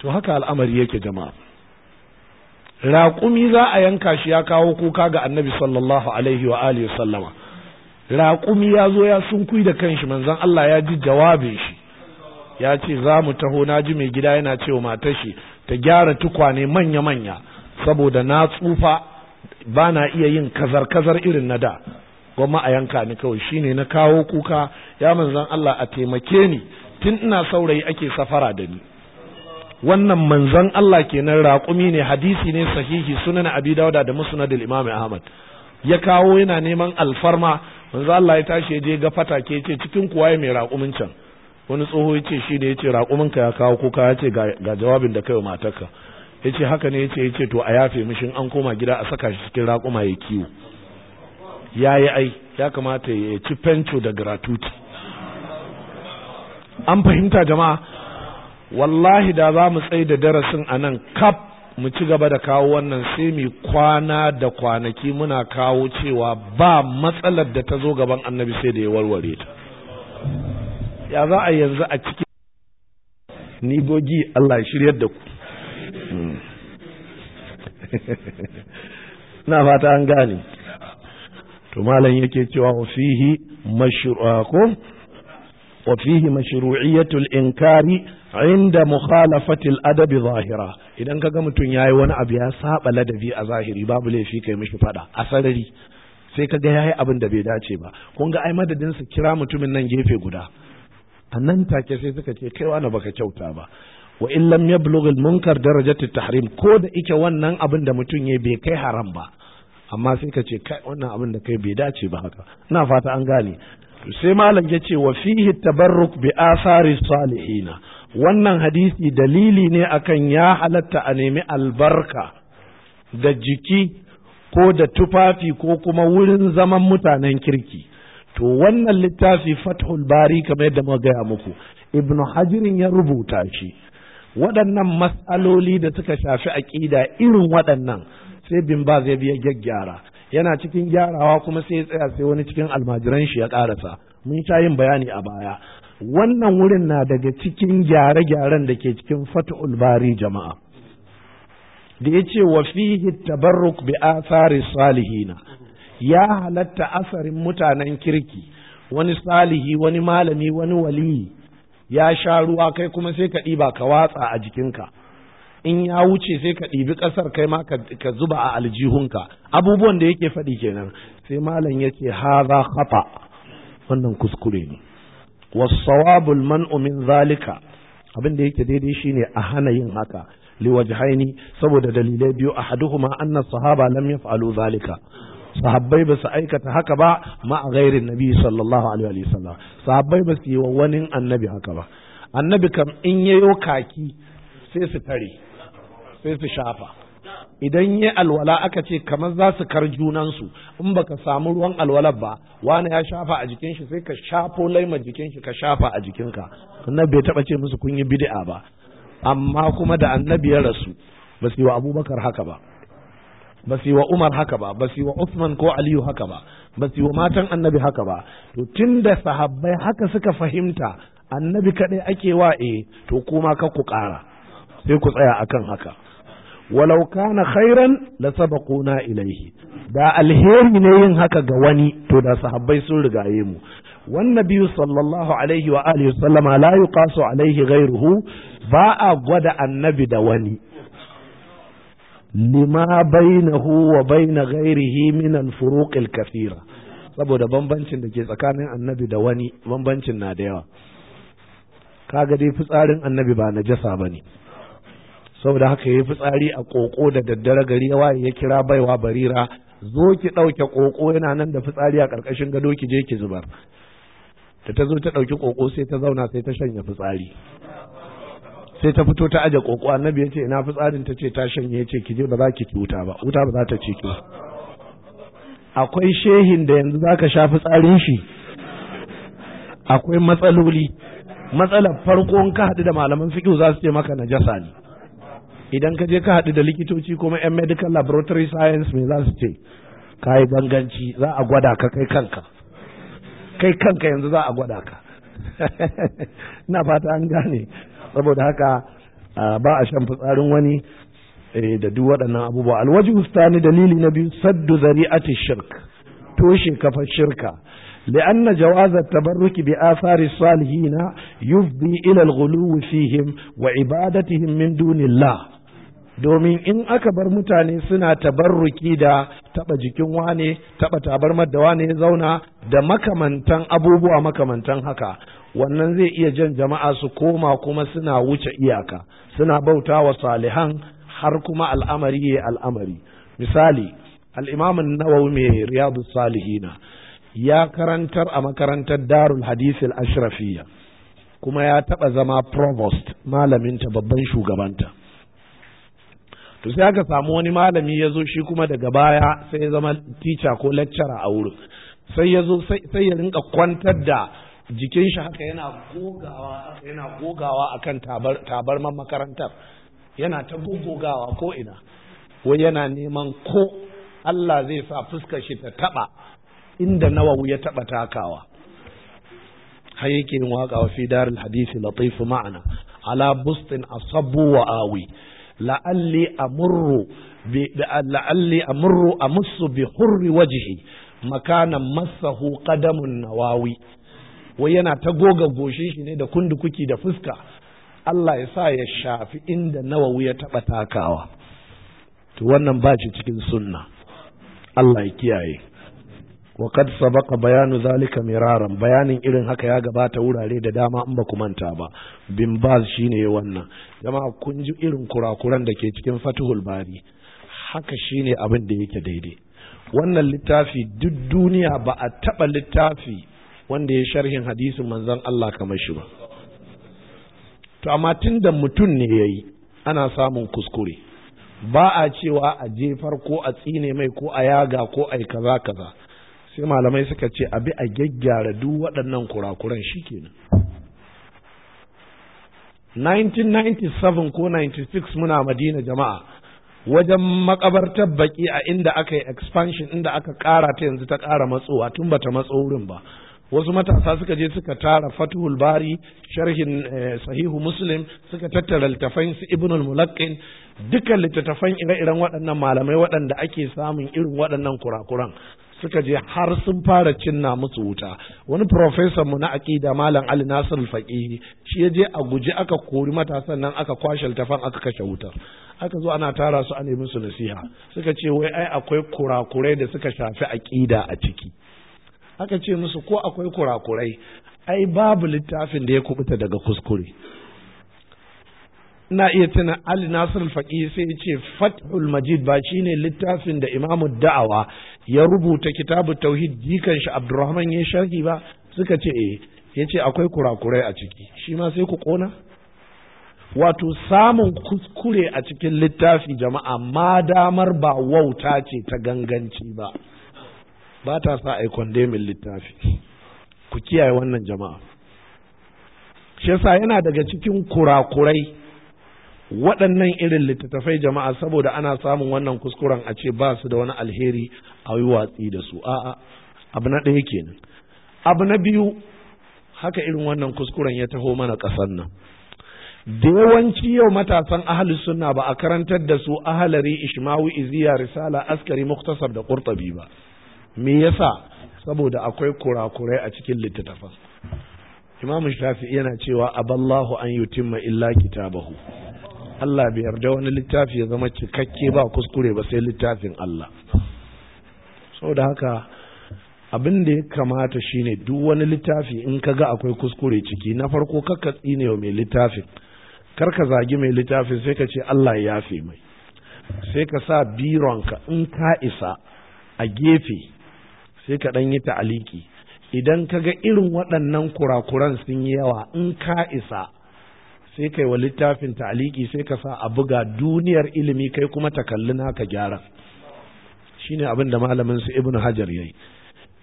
to haka al'amari yake jama'a raƙumi za a yanka shi ya kawo kuka ga annabi sallallahu alaihi wa alihi sallama raƙumi ya zo ya sunkui da kanshi manzon Allah ya ji jawabin shi ya ce za mu taho na ji mai gida yana cewa matar shi ta gyara tukwane manya-manya saboda na tsufa ba na iya yin kazar-kazar irin na da gwamma a yanka ni kawai shine na kawo kuka ya manzan Allah a taimake ni tun ina saurayi ake safara da ni wannan manzan Allah kenan raƙumi ne hadisi ne sahihi sunan abi dauda da musnadul imam ahmad ya kawo yana neman alfarma manzan Allah ya tashi ya je ga fatake ce cikin kuwa mai raqumin can wani tsoho ya ce shi ka ya ya kawo kuka yace ga jawabin da kai matarka ya ce haka ne ya ce ya ce to a yafe mishin an koma gida a saka shi cikin raƙuma ya kiwo ya yi ai ya kamata ya ci fenco da gratuti an fahimta jama'a wallahi da za mu tsaye da darasin a nan kaf mu ci gaba da kawo wannan sai mu kwana da kwanaki muna kawo cewa ba matsalar da ta zo gaban annabi sai da ya warware ta ya za a yanzu a cikin nigogi Allah ya shiryar da ku na fata an gane to malam yake cewa fihi mashru'akum wa fihi mashru'iyatul inkari inda mukhalafatil adabi zahira idan kaga mutum yayi wani abu ya saba ladabi a zahiri babu laifi kai mishi fada a sarari sai kaga yayi abin da bai dace ba kun ga ai madadin su kira mutumin nan gefe guda a nan take sai suka ce kai wani baka kyauta ba wa in lam yablugh al munkar darajatu tahrim ko da ike wannan abin da mutum ya bai kai haram ba amma sai ka ce kai wannan abin da kai bai dace ba haka ina fata an gane sai malam ya ce wa fihi tabarruk bi athari salihina wannan hadisi dalili ne akan ya halatta a nemi albarka da jiki ko da tufafi ko kuma wurin zaman mutanen kirki to wannan littafi fathul bari kamar yadda muka gaya muku ibnu hajirin ya rubuta shi waɗannan mas'aloli da suka shafi aƙida irin waɗannan sai bin ba zai biya gyaggyara yana cikin gyarawa kuma sai ya tsaya sai wani cikin almajiran shi ya ƙarasa mun sha yin bayani a baya wannan wurin na daga cikin gyare-gyaren da ke cikin fat'ul bari jama'a da ya ce wa fihi tabarruk bi salihi na, ya halatta asarin mutanen kirki wani salihi wani malami wani waliyi ya sha ruwa kai kuma sai ka ɗiba ka watsa a jikinka in ya wuce sai ka ɗibi ƙasar kai ma ka zuba a aljihunka abubuwan da yake faɗi kenan sai malam yake haza kafa wannan kuskure ne wasawabul man umin zalika abin da yake daidai shine a hana yin haka liwajhaini saboda dalilai biyu a ahaduhuma anna sahaba lam yaf'alu zalika sahabbai ba su aikata haka ba ma a gairin nabi sallallahu alaihi sallam sahabbai ba su yi wa wani annabi haka ba annabi kam in yayo kaki sai su tare sai su shafa idan ya alwala aka ce kamar za su kar junansu in baka samu ruwan alwalar ba wani ya shafa a jikin shi sai ka shafo laima jikin shi ka shafa a jikinka annabi bai taba ce musu kun yi bid'a ba amma kuma da annabi ya rasu ba su yi wa abubakar haka ba ba su yi wa Umar haka ba ba su yi wa Usman ko Aliyu haka ba ba su yi wa matan annabi haka ba to tunda sahabbai haka suka fahimta annabi kaɗai ake wa e to kuma ka ku ƙara sai ku tsaya akan haka walau kana khairan la sabaquna ilaihi da alheri ne yin haka ga wani to da sahabbai sun rigaye mu والنبي صلى الله عليه وآله وسلم لا يقاس عليه غيره باء غدا النبي دواني lima bainahu wa baina ghairihi min al-furuq al-kathira saboda bambancin da ke tsakanin annabi da wani bambancin na da yawa kaga dai fitsarin annabi ba najasa bane saboda haka yayi fitsari a ƙoƙo da daddare gari yawa ya kira baiwa barira zo ki ɗauke ƙoƙo yana nan da fitsari a ƙarƙashin gado ki je ki zubar da ta zo ta dauki koko sai ta zauna sai ta shanya fitsari sai ta fito ta aje koko annabi ya ce ina fitsarin ta ce ta shanye ce ki je ba za ki wuta ba wuta ba za ta ci ki akwai shehin da yanzu za ka shafi tsarin shi akwai matsaloli matsalar farko in ka haɗu da malaman fiƙi za su ce maka na jasa ne idan ka je ka haɗu da likitoci kuma yan medical laboratory science me za su ce ka yi banganci za a gwada ka kai kanka kai kanka yanzu za a gwada ka na fata an gane saboda haka ba a shan fitsarin wani eh, da duk waɗannan abubuwa alwaji ustani dalili na biyu saddu ati shirk toshe kafar shirka لأن جواز التبرك بآثار الصالحين يفضي إلى الغلو فيهم domin in aka bar mutane suna tabarruki da taba jikin wane taba tabarmar da wane zauna da makamantan abubuwa makamantan haka wannan zai iya jan jama'a su koma kuma suna wuce iyaka suna bauta wa salihan har kuma al'amari ya al'amari misali al'imamin nawawi mai riyadu salihina ya karantar a makarantar darul hadisil ashrafiya kuma ya taba zama provost malaminta babban shugabanta to sai aka samu wani malami ya zo shi kuma daga baya sai ya zama tica ko lecturer a wurin sai ya zo sai ya rinka kwantar da jikin shi haka yana gogawa yana gogawa akan tabar tabarman makarantar yana ta gogogawa ko ina wai yana neman ko Allah zai sa fuskar shi ta taba inda nawawu ya taba takawa har yake yin waka wa fi darul hadisi latif ma'ana ala bustin asabu wa awi la'alli amurru bi la'alli amurru amussu bi hurri wajhi makana massahu qadamun nawawi wai yana ta goga goshe shi ne da kuki da fuska Allah ya sa ya shafi inda nawawi ya taɓa takawa to wannan ba shi cikin sunna Allah ya kiyaye wa kad sabaqa bayanu zalika miraran bayanin irin haka ya gabata wurare da dama in ba ku manta ba bin baz shine wannan jama'a kun ji irin kurakuran da ke cikin fatuhul bari haka shine abin da yake daidai wannan littafi duk duniya ba a taɓa littafi wanda ya sharhin hadisin manzon Allah kamar shi ba to amma tunda mutum ne yayi ana samun kuskure ba a cewa a jefar ko a tsine mai ko a yaga ko a kaza kaza sai malamai suka ce abi a gyaggyara duk waɗannan kurakuran shikenan 1997 ko 96 muna madina jama'a wajen makabartar baki a inda aka yi expansion inda aka ƙara ta yanzu ta ƙara matsowa tun bata matso wurin ba wasu matasa suka je suka tara fatuhul bari sharhin eh, sahihu muslim suka tattara littafan su ibnul mulaqqin dukkan littattafan ire-iren waɗannan malamai waɗanda ake samun irin waɗannan kurakuran suka je har sun fara cinna musu wuta wani profesan mu na aqida malam Ali Nasir Faqihi shi ya je a guji aka kori matasan nan aka kwashe littafan aka kashe wutar aka zo ana tara su a nemi su nasiha suka ce wai ai akwai kurakurai da suka shafi aqida a ciki aka ce musu ko akwai kurakurai ai babu littafin da ya kubuta daga kuskure na iya tuna Ali Nasir Faƙi sai ya ce Fathul Majid ba shi ne littafin da Imamu Da'awa ya rubuta kitabu Tauhid jikan shi Abdurrahman ya sharhi ba suka ce eh ya ce akwai kurakurai a ciki shi ma sai ku kona wato samun kuskure a cikin littafi jama'a ma damar ba wauta ce ta ganganci ba ba ta sa a yi kwandemin littafi ku kiyaye wannan jama'a shi yana daga cikin kurakurai waɗannan irin littattafai jama'a saboda ana samun wannan kuskuren a ce ba su da wani alheri a yi watsi da su a'a abu na ɗaya kenan abu na biyu haka irin wannan kuskuren ya taho mana ƙasar nan da yawanci yau matasan ahli sunna ba a karantar da su ahalari ishmawi iziya risala askari muktasar da qurtabi ba me yasa saboda akwai kurakurai a cikin littattafan Imam Shafi'i yana cewa aballahu an yutimma illa kitabahu Allah bai yarda wani littafi ya zama cikakke ba kuskure ba sai littafin Allah da haka abin da ya kamata shine duk wani littafi in ka ga akwai kuskure ciki na farko kakka tsine wa mai littafin kar ka zagi mai littafin sai ka ce Allah ya yafe mai sai ka sa biron ka in ka isa a gefe sai ka ɗan yi ta'aliki idan ka ga irin waɗannan kurakuran sun yi yawa in ka isa sai kai wa littafin ta'aliki sai ka sa a buga duniyar ilimi kai kuma ta kalli naka gyara shine abin da malamin su ibnu hajar yayi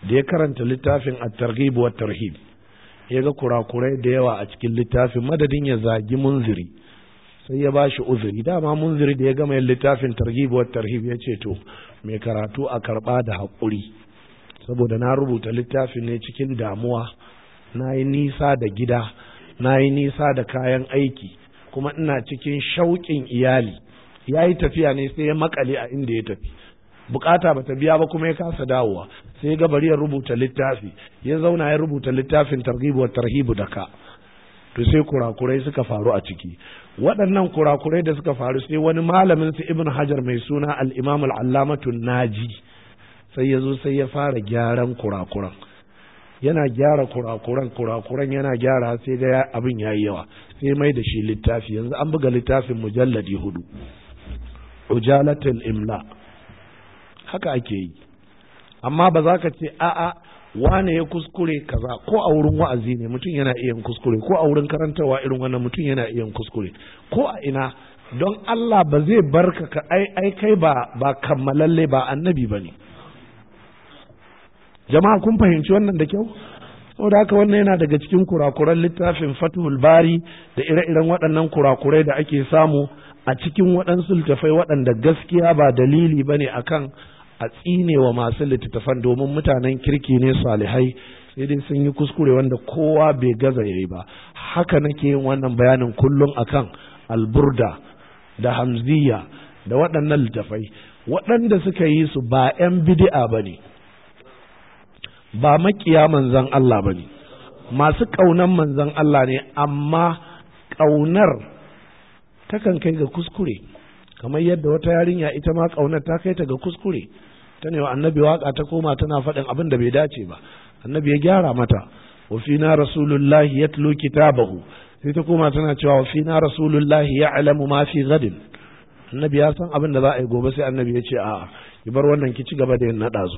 da ya karanta littafin at-targhib wa tarhib ya ga kurakurai da yawa a cikin littafin madadin ya zagi munziri sai ya ba shi uzuri dama munziri da ya gama yin littafin targhib wa tarhib ya ce to mai karatu a karɓa da haƙuri saboda na rubuta littafi ne cikin damuwa na yi nisa da gida na yi nisa da kayan aiki kuma ina cikin shauƙin iyali ya yi tafiya ne sai ya makale a inda ya tafi bukata ba ta biya ba kuma ya kasa dawowa sai ga bari ya rubuta littafi ya zauna ya rubuta littafin targhibu wa tarhibu da ka to sai kurakurai suka faru a ciki waɗannan kurakurai da suka faru sai wani malamin su ibn hajar mai suna Al'imamul imam al-allamatu naji sai ya zo sai ya fara gyaran kurakuran yana gyara kurakuran kurakuran yana gyara sai da abin ya yi yawa sai mai da shi littafi yanzu an buga littafin mujalladi hudu ujalatul imla haka ake yi amma ba za ka ce a'a wane ya kuskure kaza ko a wurin wa'azi ne mutum yana iya kuskure ko a wurin karantarwa irin wannan mutum yana iya kuskure ko a ina don Allah ba zai barka ka ai kai ba ba kammalalle ba annabi ba ne. jama'a kun fahimci wannan da kyau saboda haka wannan yana daga cikin kurakuran littafin fathul bari da ire-iren waɗannan kurakurai da ake samu a cikin waɗansu littafai waɗanda gaskiya ba dalili ba ne akan a tsine wa masu littattafan domin mutanen kirki ne salihai sai dai sun yi kuskure wanda kowa bai gaza yayi ba haka nake yin wannan bayanin kullum akan alburda da hamziya da waɗannan littafai waɗanda suka yi su ba 'yan bidi'a ba ne ba makiya manzan Allah ba ne masu ƙaunar manzan Allah ne amma ƙaunar takan kai ga kuskure kamar yadda wata yarinya ita ma ƙaunar ta kai ta ga kuskure ta ne annabi waka ta koma tana faɗin abin da bai dace ba annabi ya gyara mata wa fina rasulullahi yatlu kitabahu sai ta koma tana cewa wa fina rasulullahi ya'lamu ma fi gadin annabi ya san abin da za a yi gobe sai annabi ya ce a'a ki bar wannan ki ci gaba da yin naɗa zu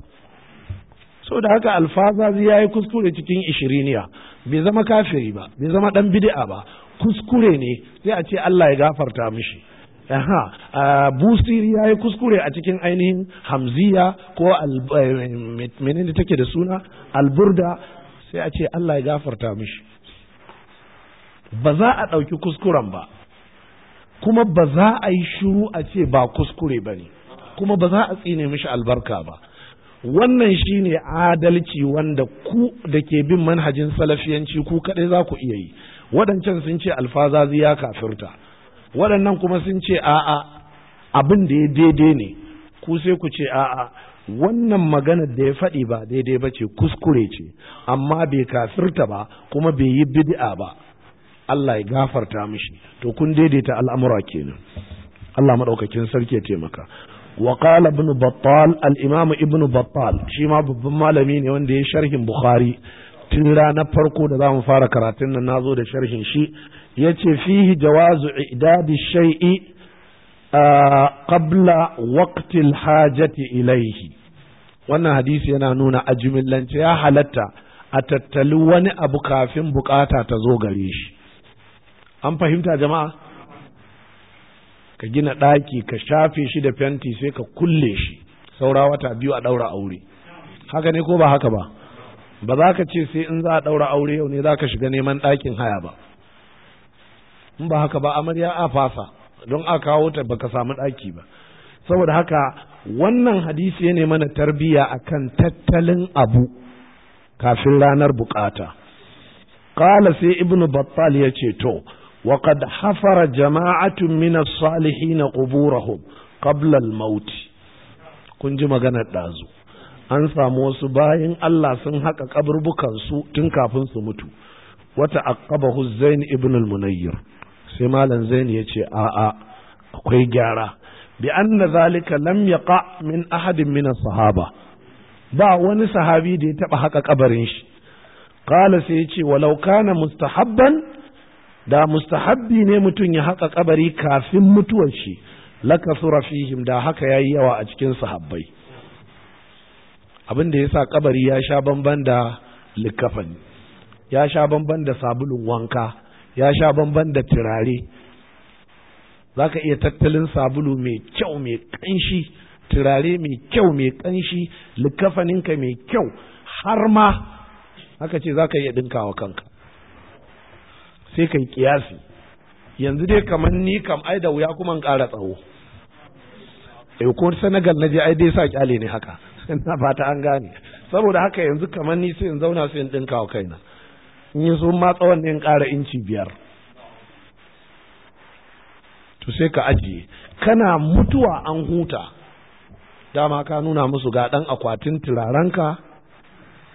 so da haka alfazazi ya yi kuskure cikin ishiriniya bai zama kafiri ba bai zama dan bid'a ba kuskure ne sai a ce Allah ya gafarta mishi aha busiri ya yi kuskure a cikin ainihin hamziya ko eh, menene take da suna alburda sai a ce Allah ya gafarta mishi ba za a ɗauki kuskuren ba kuma ba za a yi shiru a ce ba kuskure ba ne kuma ba za a tsine mishi albarka ba wannan shine adalci wanda ku da ke bin manhajin salafiyanci ku kaɗai za ku iya yi waɗancan sun ce alfazazi ya kafirta waɗannan kuma sun ce a'a abin da ya daidai ne ku sai ku ce a'a wannan maganar da ya faɗi ba daidai ba ce kuskure ce amma bai kafirta ba kuma bai yi bid'a ba Allah ya gafarta mishi to kun daidaita al'amura kenan Allah maɗaukakin sarki ya taimaka wa qala ibn battal al imam ibn battal shima babban malami ne wanda ya sharhin bukhari tun ranar farko da zamu fara karatun nan zo da sharhin shi yace fihi jawazu idadi shai'i qabla waqti al hajati ilayhi wannan hadisi yana nuna a jimillance ya halatta a tattali wani abu kafin buƙata ta zo gare shi an fahimta jama'a ka gina ɗaki ka shafe shi da fenti sai ka kulle shi saura wata biyu a ɗaura aure haka ne ko ba haka ba ba za ka ce sai in za a ɗaura aure yau ne za ka shiga neman ɗakin haya ba in ba haka ba amarya a fasa don a kawo ta baka samu ɗaki ba saboda haka wannan hadisi ya ne mana tarbiya akan tattalin abu kafin ranar bukata qala sai ibnu battal ya ce to وقد حفر جماعة من الصالحين قبورهم قبل الموت kun ji maganar ɗazu an samu wasu bayan Allah sun haƙa kaburbukansu tun kafin su mutu wata aqabahu Zain ibn al-Munayyir sai malam Zain ya ce a'a akwai gyara bi anna zalika lam yaqa min ahadin min sahaba ba wani sahabi da ya taba haƙa kabarin shi qala sai ya ce walau kana mustahabban da mustahabbi ne mutum ya haƙa kabari kafin mutuwar shi lakasura fihim da haka yayi yawa a cikin sahabbai abin da yasa kabari ya sha bamban da likafan ya sha bamban da sabulun wanka ya sha bamban da turare zaka iya tattalin sabulu mai kyau mai kanshi turare mai kyau mai kanshi likafaninka mai kyau har ma haka ce zaka iya dinkawa kanka sai kai kiyasi yanzu dai kamar ni kam ai da wuya kuma in ƙara tsawo eh ko Senegal na je ai dai sa kyale ne haka ina fata an gane saboda haka yanzu kamar ni sai in zauna sai in dinka wa kaina in yi so ma tsawon ne in ƙara inci biyar to sai ka ajiye kana mutuwa an huta dama ka nuna musu ga ɗan akwatin turarenka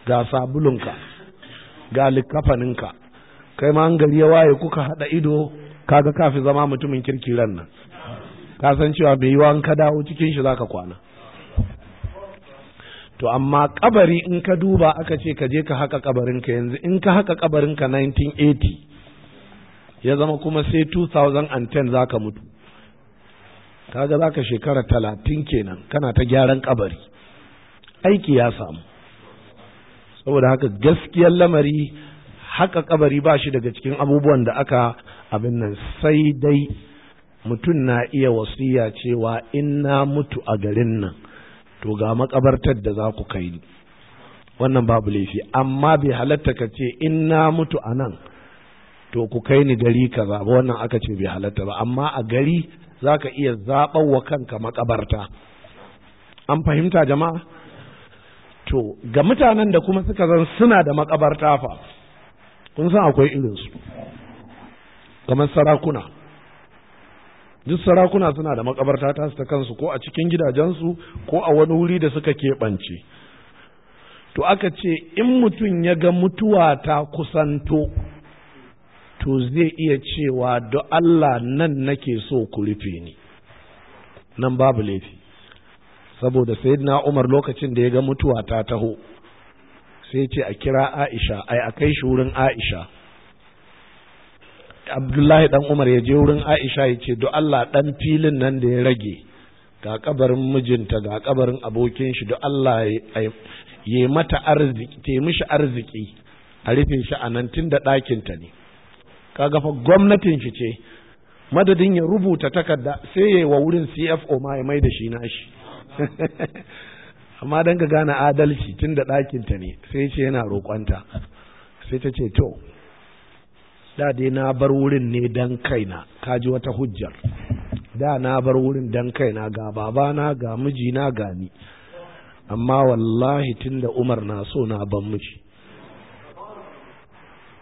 ga sabulunka ga likafaninka kai ma gari ya waye kuka haɗa ido kaga kafi zama mutumin kirki ran nan ka san cewa bai yiwa ka dawo cikin shi zaka kwana to amma kabari in ka duba aka ce ka je ka haka kabarin ka yanzu in ka haka kabarin ka 1980 ya zama kuma sai 2010 zaka mutu kaga zaka shekara talatin kenan kana ta gyaran kabari aiki ya samu saboda haka gaskiyar lamari haka kabari ba shi daga cikin abubuwan da aka abin nan sai dai mutum na iya wasiya cewa in na mutu a garin nan to ga makabartar da za ku kai ni wannan babu laifi amma bai halatta ka ce in na mutu a nan to ku kai ni gari ka ba wannan aka ce bai halatta ba amma a gari za ka iya zaɓar wa kanka makabarta an fahimta jama'a to ga mutanen da kuma suka zan suna da makabarta fa kun san akwai irinsu kamar sarakuna duk sarakuna suna da makabarta tasu ta kansu ko a cikin gidajensu ko a wani wuri da suka keɓance to aka ce in mutum ya ga mutuwa ta kusanto to zai iya cewa do Allah nan nake so ku rufe ni nan babu laifi saboda sayyidina Umar lokacin da ya ga mutuwa ta taho sai ce a kira Aisha ai a kai shi wurin Aisha Abdullahi dan Umar ya je wurin Aisha ya ce do Allah dan filin nan da ya rage ga kabarin mijinta ga kabarin abokin shi do Allah ya mata arziki ta mishi arziki a rufe shi a nan tun da ɗakin ta ne kaga fa gwamnatin shi ce madadin ya rubuta takarda sai ya yi wa wurin CFO ma ya mai da shi nashi amma don ka gane adalci tun da ɗakinta ne sai ce yana roƙonta sai ta ce to da dai na bar wurin ne dan kaina ka ji wata hujjar da na bar wurin dan na ga babana ga mijina ga ni amma wallahi tun da umar na so na ban miji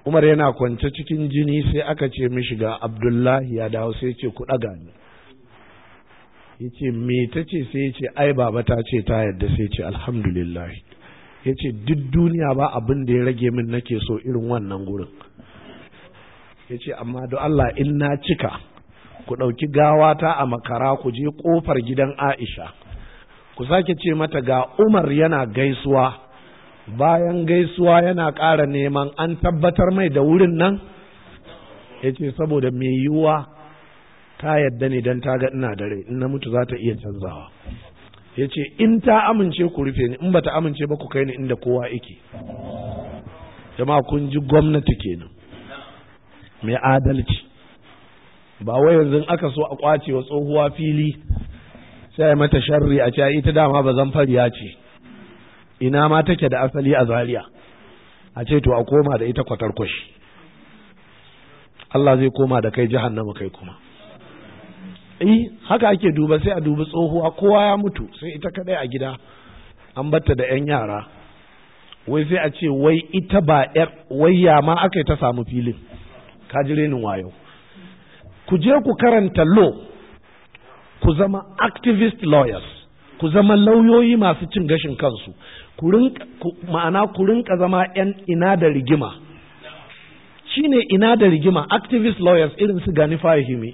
umar yana kwance cikin jini sai aka ce mishi ga abdullahi ya dawo sai ce ku ɗaga ni ya ce me ta ce sai ya ce ai baba ta ce ta yadda sai ce alhamdulillah ya ce duk duniya ba abin da ya rage min nake so irin wannan gurin ya ce amma da Allah in na cika ku ɗauki gawa ta a makara ku je ƙofar gidan Aisha ku sake ce mata ga Umar yana gaisuwa bayan gaisuwa yana ƙara neman an tabbatar mai da wurin nan ya ce saboda mai yiwuwa ta yadda ne don ta ga ina da rai in na mutu za ta iya canzawa ya ce in ta amince ku rufe ni in ba ta amince ba ku kai ni inda kowa yake jama'a kun ji gwamnati kenan mai adalci ba wai yanzu aka so a kwace wa tsohuwa fili sai mata sharri a cewa ita dama ba zan fariya ce ina ma take da asali a zaria a ce to a koma da ita kwatar kwashi Allah zai koma da kai jahannama kai kuma yi eh, haka ake duba sai a dubi tsohuwa kowa ya mutu sai ita kadai a gida an batta da yan yara wai sai a ce wai ita ba yar wai ya ma aka yi ta samu filin ka ji renin wayo ku je ku karanta law ku zama activist lawyers ku zama lauyoyi masu cin gashin kansu ma'ana ku rinka zama 'yan ina da rigima shine ina da rigima activist lawyers irin su gani fahimi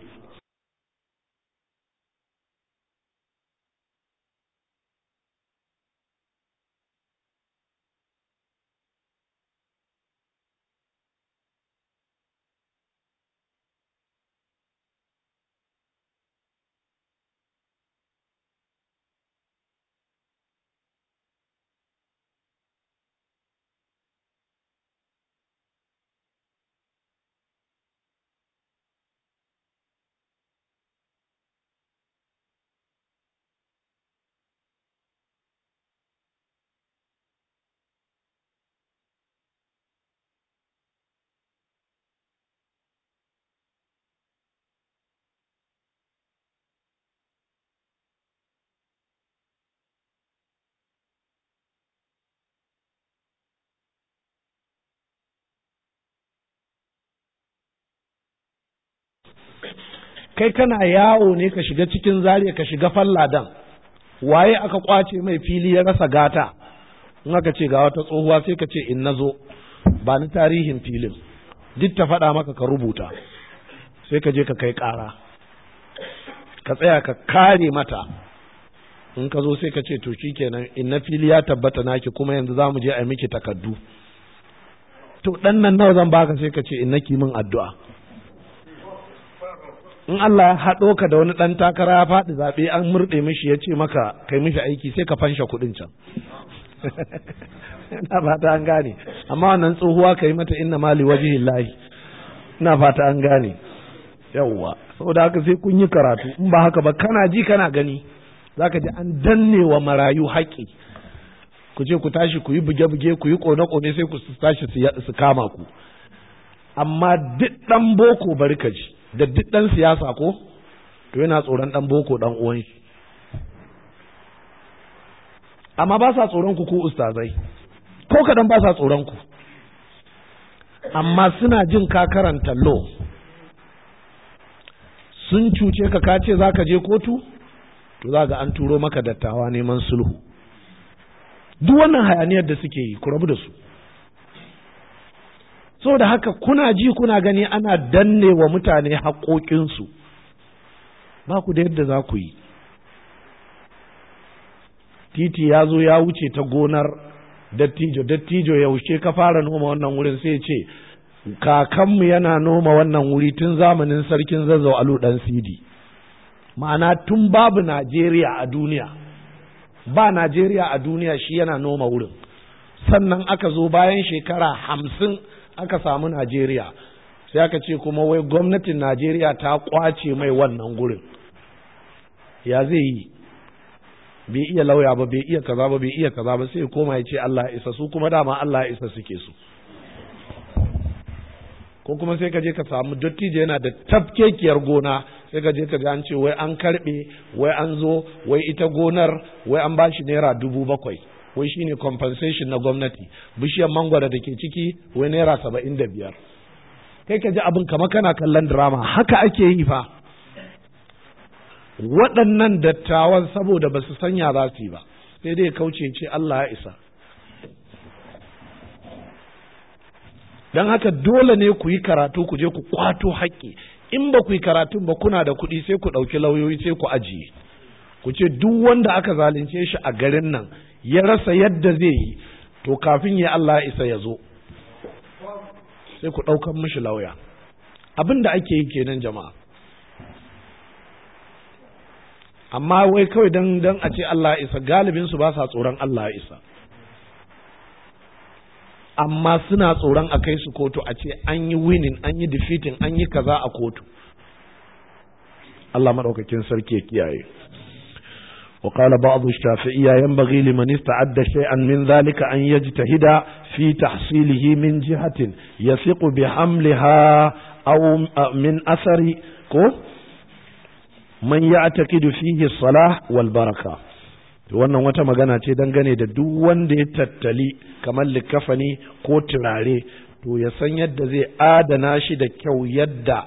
kai kana yawo ne ka shiga cikin zariya ka shiga falladan waye aka kwace mai fili ya rasa gata in aka ce ga wata tsohuwa sai ka ce in na zo ba ni tarihin filin duk ta faɗa maka ka rubuta sai ka je ka kai ƙara ka tsaya ka kare mata in ka zo sai ka ce to kenan in na fili ya tabbata naki kuma yanzu za mu je a miki takardu to ɗan nan nawa zan baka sai ka ce in na kimin addu'a in Allah ya haɗo ka da wani ɗan takara ya faɗi zaɓe an murɗe mishi ya ce maka kai mishi aiki sai ka fansha kuɗin can ina fata an gane amma wannan tsohuwa ka yi mata inna mali wajihi lahi ina fata an gane yawwa saboda haka sai kun yi karatu in ba haka ba kana ji kana gani Za ka ji an danne wa marayu haƙƙi. ku ce ku tashi ku yi buge-buge ku yi ƙone ƙone sai ku tashi su kama ku amma duk ɗan boko bari ka ji da duk ɗan siyasa ko to yana tsoron ɗan boko ɗan uwan shi amma ba sa tsoron ku ko ustazai ko kaɗan ba sa tsoron ku amma suna jin ka karanta law sun cuce ka ka ce za ka je kotu to za ga an turo maka dattawa neman sulhu duk wannan hayaniyar da suke yi ku rabu da su So da haka kuna ji kuna gani ana danne wa mutane haƙoƙinsu ba ku da yadda za ku yi titi ya zo ya wuce ta gonar dattijo dattijo yaushe ka fara noma wannan wurin sai ce kakanmu yana noma wannan wuri tun zamanin sarkin zazzau alu dan sidi ma'ana tun babu najeriya a duniya ba najeriya a duniya shi yana noma wurin sannan aka zo bayan shekara hamsin aka samu najeriya sai aka ce kuma wai gwamnatin najeriya ta kwace mai wannan gurin ya zai yi bai iya lauya ba bai iya kaza ba bai iya kaza ba sai koma ya ce Allah isa su kuma dama Allah isa suke su ko kuma sai ka je ka samu dattijo yana da tafkekiyar gona sai ka je ka ga an ce wai an karbe wai an zo wai ita gonar wai an bashi naira dubu bakwai wai shine compensation na gwamnati bishiyar mangwara da ke ciki wai naira saba'in da biyar kai ka ji abin kama kana kallon drama haka ake yi fa waɗannan dattawan saboda ba su sanya za su yi ba sai dai kauce ce Allah ya isa don haka dole ne ku yi karatu ku je ku kwato haƙƙi in ba ku yi karatun ba kuna da kuɗi sai ku ɗauki lauyoyi sai ku ajiye ku ce duk wanda aka zalunce shi a garin nan ya rasa yadda zai yi to kafin ya Allah isa ya zo sai ku ɗaukar mishi lauya abin da ake yi kenan jama'a amma wai kawai don a ce Allah isa galibin su ba sa tsoron Allah isa amma suna tsoron a kai su kotu a ce an yi winning an yi defeating an yi kaza a kotu Allah maɗaukakin sarki ya kiyaye وقال بعض الشافعية ينبغي لمن استعد شيئا من ذلك أن يجتهد في تحصيله من جهة يثق بحملها أو من أثر من يعتقد فيه الصلاح والبركة wannan wata magana ce dangane da duk wanda ya tattali kamar likafani ko turare to ya san yadda zai adana shi da kyau yadda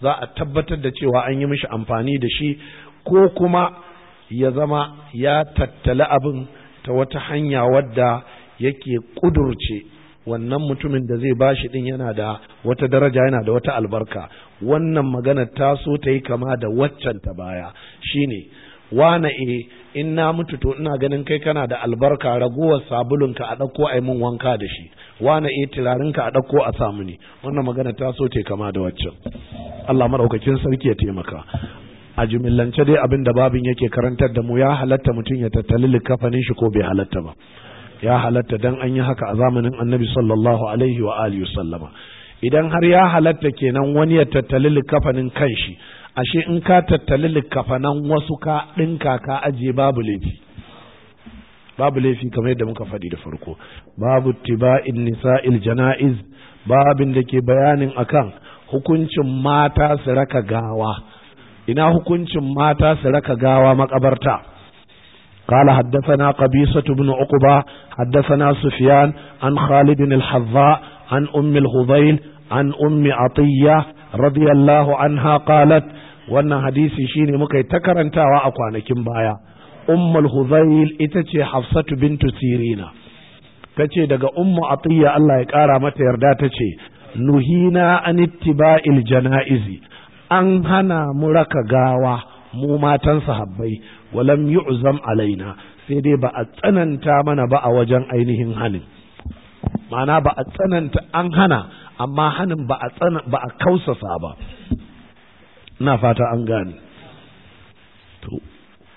za a tabbatar da cewa an yi mishi amfani da shi ko kuma ya zama ya tattala abin ta wata hanya wadda yake kudurce wannan mutumin da zai bashi din yana da wata daraja yana da wata albarka wannan magana ta so ta yi kama da waccan ta baya shine wane e in na mutu to ina ganin kai kana da albarka ragowar sabulunka a ɗauko a yi min wanka da shi wane e turarinka a ɗauko a samu ne wannan magana ta so ta kama da waccan Allah maɗaukakin sarki ya taimaka a jimillance dai abin da babin yake karantar da mu ya halatta mutum ya tattali likafanin shi ko bai halatta ba ya halatta dan an yi haka a zamanin annabi sallallahu alaihi wa alihi sallama idan har ya halatta kenan wani ya tattali likafanin kanshi ashe in ka tattali likafanan wasu ka ɗinka ka ajiye babu laifi babu laifi kamar yadda muka faɗi da farko babu tiba'in nisa'il jana'iz babin da ke bayanin akan hukuncin mata su raka gawa ina hukuncin mata su raka gawa makabarta قال حدثنا قبيصة بن عقبة حدثنا سفيان عن خالد الحذاء عن أم الهضيل عن أم عطية رضي الله عنها قالت وأن حديثي شيني مكي تكرن تاوى أقوانا كم بايا أم الهضيل إتتي حفصة بنت سيرينا تتي دقى أم عطية الله يكارا متى يرداتتي نهينا عن اتباع الجنائز an hana mu raka gawa mu matan sahabbai walam yu'zam alaina sai dai ba a tsananta mana ba a wajen ainihin hanin ma'ana ba a tsananta an hana amma hanin ba a tsana ba a kausasa ba ina fata an gane to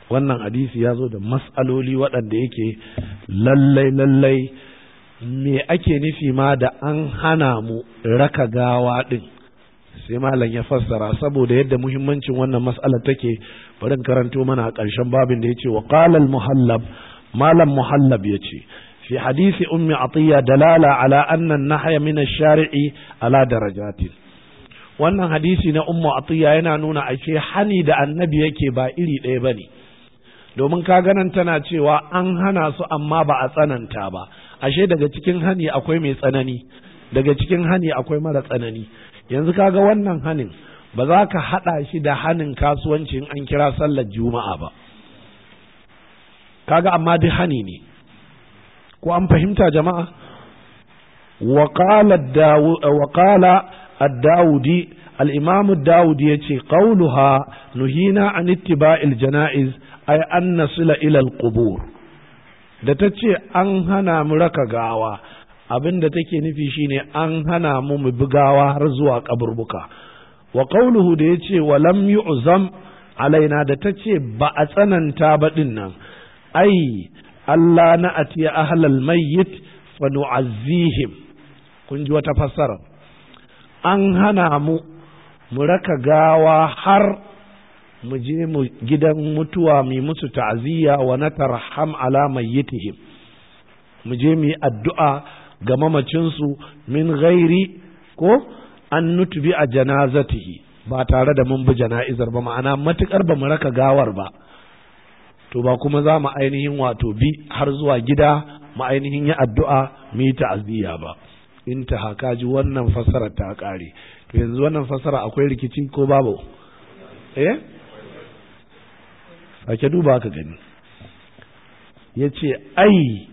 wannan hadisi ya zo da mas'aloli waɗanda yake lallai lallai me ake nufi ma da an hana mu raka gawa din. sai malam ya fassara saboda yadda muhimmancin wannan mas'alar take bari in karanto mana a ƙarshen babin da yace wa qala al muhallab malam muhallab yace fi hadisi ummi atiya dalala ala anna an min sharii ala darajatin wannan hadisi na ummu atiya yana nuna ce hani da annabi yake ba iri ɗaya bane domin ka ganin tana cewa an hana su amma ba a tsananta ba ashe daga cikin hani akwai mai tsanani daga cikin hani akwai mara tsanani yanzu kaga wannan hanin ba za ka haɗa shi da hanin kasuwancin an kira sallar juma'a ba kaga amma duk hani ne ko an fahimta jama'a waƙala al imamu ad-dawudi yace qauluha nuhina an ittiba'il janaiz a an nasila ila ƙubur qubur da tace an hana mu raka gawa abin da take nufi shine an hana mu mu bugawa har zuwa kaburbuka wa qawluhu da yace wa lam yu'zam alaina da tace ba a tsananta ba din nan ai Allah na atiya ahlal mayyit fa nu'azzihim kun ji wata fassara an hana mu mu raka gawa har mu je mu gidan mutuwa mu musu ta'aziyya wa natarham ala mayyitihim mu je mu yi addu'a ga mamacinsu min ghairi ko an nutubi a janazatihi ba tare da mun bi jana'izar ba ma'ana matukar ba mu raka gawar ba to ba kuma za mu ainihin wato bi har zuwa gida mu ainihin yi addu'a mu yi ta'aziyya ba in ta haka ji wannan fasara ta kare to yanzu wannan fasara akwai rikici ko babu eh sake duba ka gani ya ce ai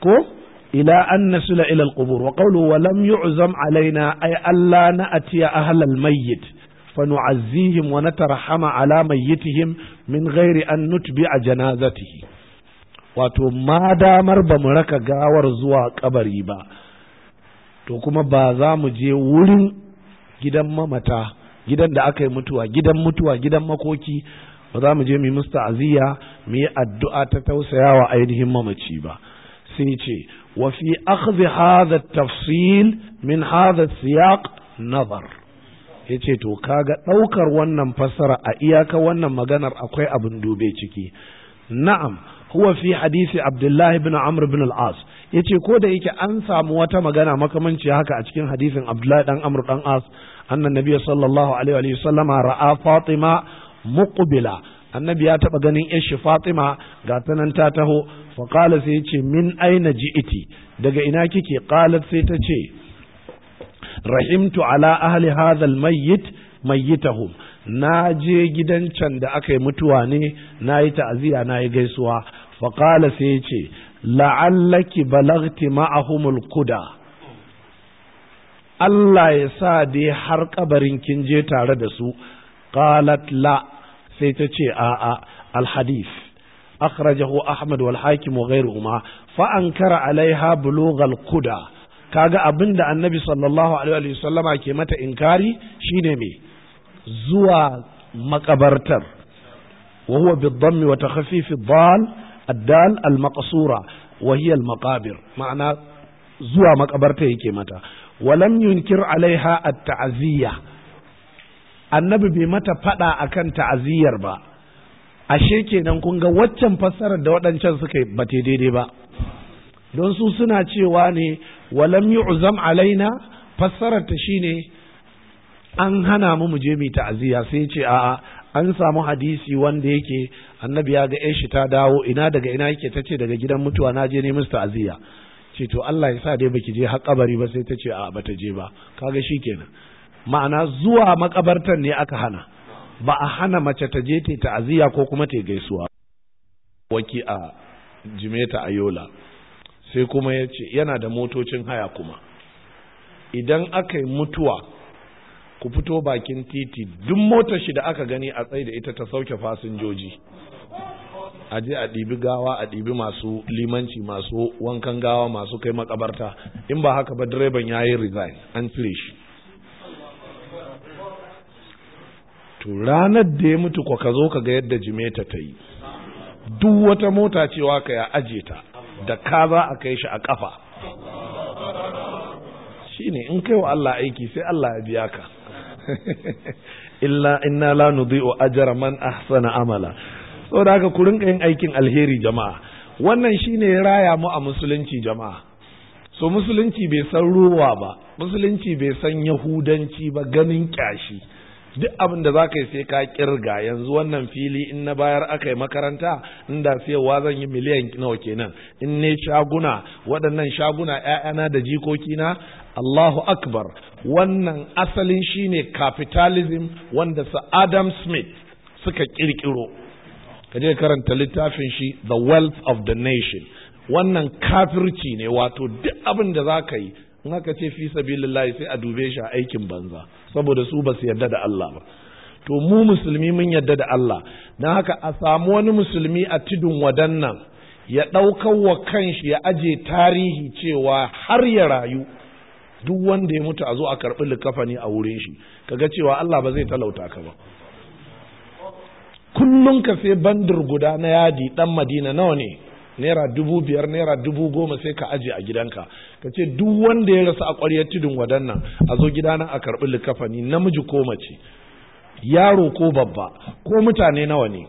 ko ila an nasila ila alqubur wa qawlu wa lam yu'zam alaina ay alla na ahla almayyit fa nu'azzihim wa natarhama ala mayyitihim min ghairi an nutbi'a janazatihi wato ma damar ba mu raka gawar zuwa kabari ba to kuma ba za mu je wurin gidan mamata gidan da aka yi mutuwa gidan mutuwa gidan makoki ba za mu je mu musta'aziya mu yi addu'a ta tausayawa ainihin mamaci ba sai ce وفي أخذ هذا التفصيل من هذا السياق نظر yace to kaga ɗaukar wannan fassara a iyaka wannan maganar akwai abin dube ciki na'am huwa fi hadisi Abdullahi bin amr bin al-as yace ko da yake an samu wata magana makamanci haka a cikin hadisin abdullah dan amr dan as annan nabiy sallallahu alaihi wa sallama ra'a fatima muqbila annabi ya taɓa ganin shi fatima ga ta ta taho fa qala sai ce min aina ji'iti daga ina kike qalat sai ta ce rahimtu ala ahli hadhal mayyit mayyitahum na je gidan can da aka yi mutuwa ne na yi ta'aziyya na yi gaisuwa fa qala sai ce la'allaki balagti ma'ahumul kuda Allah ya sa dai har kabarin kin je tare da su qalat la sai ta ce a'a alhadis akhrajahu ahmad wal hakim wa ghayruhuma fa ankara alaiha bulugh al quda kaga abinda annabi sallallahu alaihi wa sallama ke mata inkari shine me zuwa makabartar wa huwa bi dhammi wa takhfif dal الدال المقصورة وهي المقابر معنى mata, wa كمتا ولم ينكر عليها التعزية annabi bai mata faɗa akan ta'aziyar ba ashe kenan kun ga waccan fassarar da waɗancan suka ba daidai ba don su suna cewa ne walam yu'zam alaina fassarar ta shine an hana mu mu je mu ta'aziya sai ce a'a an samu hadisi wanda yake annabi ya ga shi ta dawo ina daga ina yake tace daga gidan mutuwa na je ne musu ta'aziya ce Allah ya sa dai baki je har kabari ba sai tace ce a'a bata je ba kaga shikenan ma'ana zuwa makabartan ne aka hana ba a hana mace ta je ta ta'aziyya ko kuma ta gaisuwa waki a jimeta a yola sai kuma ya ce yana da motocin haya kuma idan aka yi mutuwa ku fito bakin titi duk motar shi da aka gani a tsaye da ita ta sauke fasinjoji a je a ɗibi gawa a ɗibi masu limanci masu wankan gawa masu kai makabarta in ba haka ba direban ya yi resign an cire shi to ranar da ya mutu kwa ka zo ka ga yadda jimeta ta yi duk wata mota cewa ka ya aje ta da ka za a kai shi a kafa shine in kai wa Allah aiki sai Allah ya biya ka illa inna la nudhi'u ajra man ahsana amala da haka ku rinka yin aikin alheri jama'a wannan shine raya mu a musulunci jama'a so musulunci bai san ruwa ba musulunci bai san yahudanci ba ganin kyashi duk abin da zaka ka yi sai ka kirga yanzu wannan fili in na bayar aka yi makaranta inda sayarwa zan yi miliyan nawa kenan in ne shaguna waɗannan shaguna ƴaƴana da jikokina Allahu Akbar wannan asalin shine capitalism wanda su Adam Smith suka kirkiro ka je karanta littafin shi the wealth of the nation wannan kafirci ne wato duk abin da za yi in aka ce fi sabilillahi sai a dube shi a aikin banza saboda su ba su yarda da Allah ba to mu musulmi mun yarda da Allah na haka a samu wani musulmi a tudun wadannan ya ɗaukar wa kanshi ya aje tarihi cewa har ya rayu duk wanda ya mutu a zo a karɓi likafani a wurin shi kaga cewa Allah ba zai talauta ka ba kullum ka sai bandir guda na yadi dan madina nawa ne naira dubu biyar naira dubu goma sai ka aje a gidanka ka ce duk wanda ya rasu a ƙwaryar tudun wadannan a zo gidana a karɓi likafani namiji ko mace yaro ko babba ko mutane nawa ne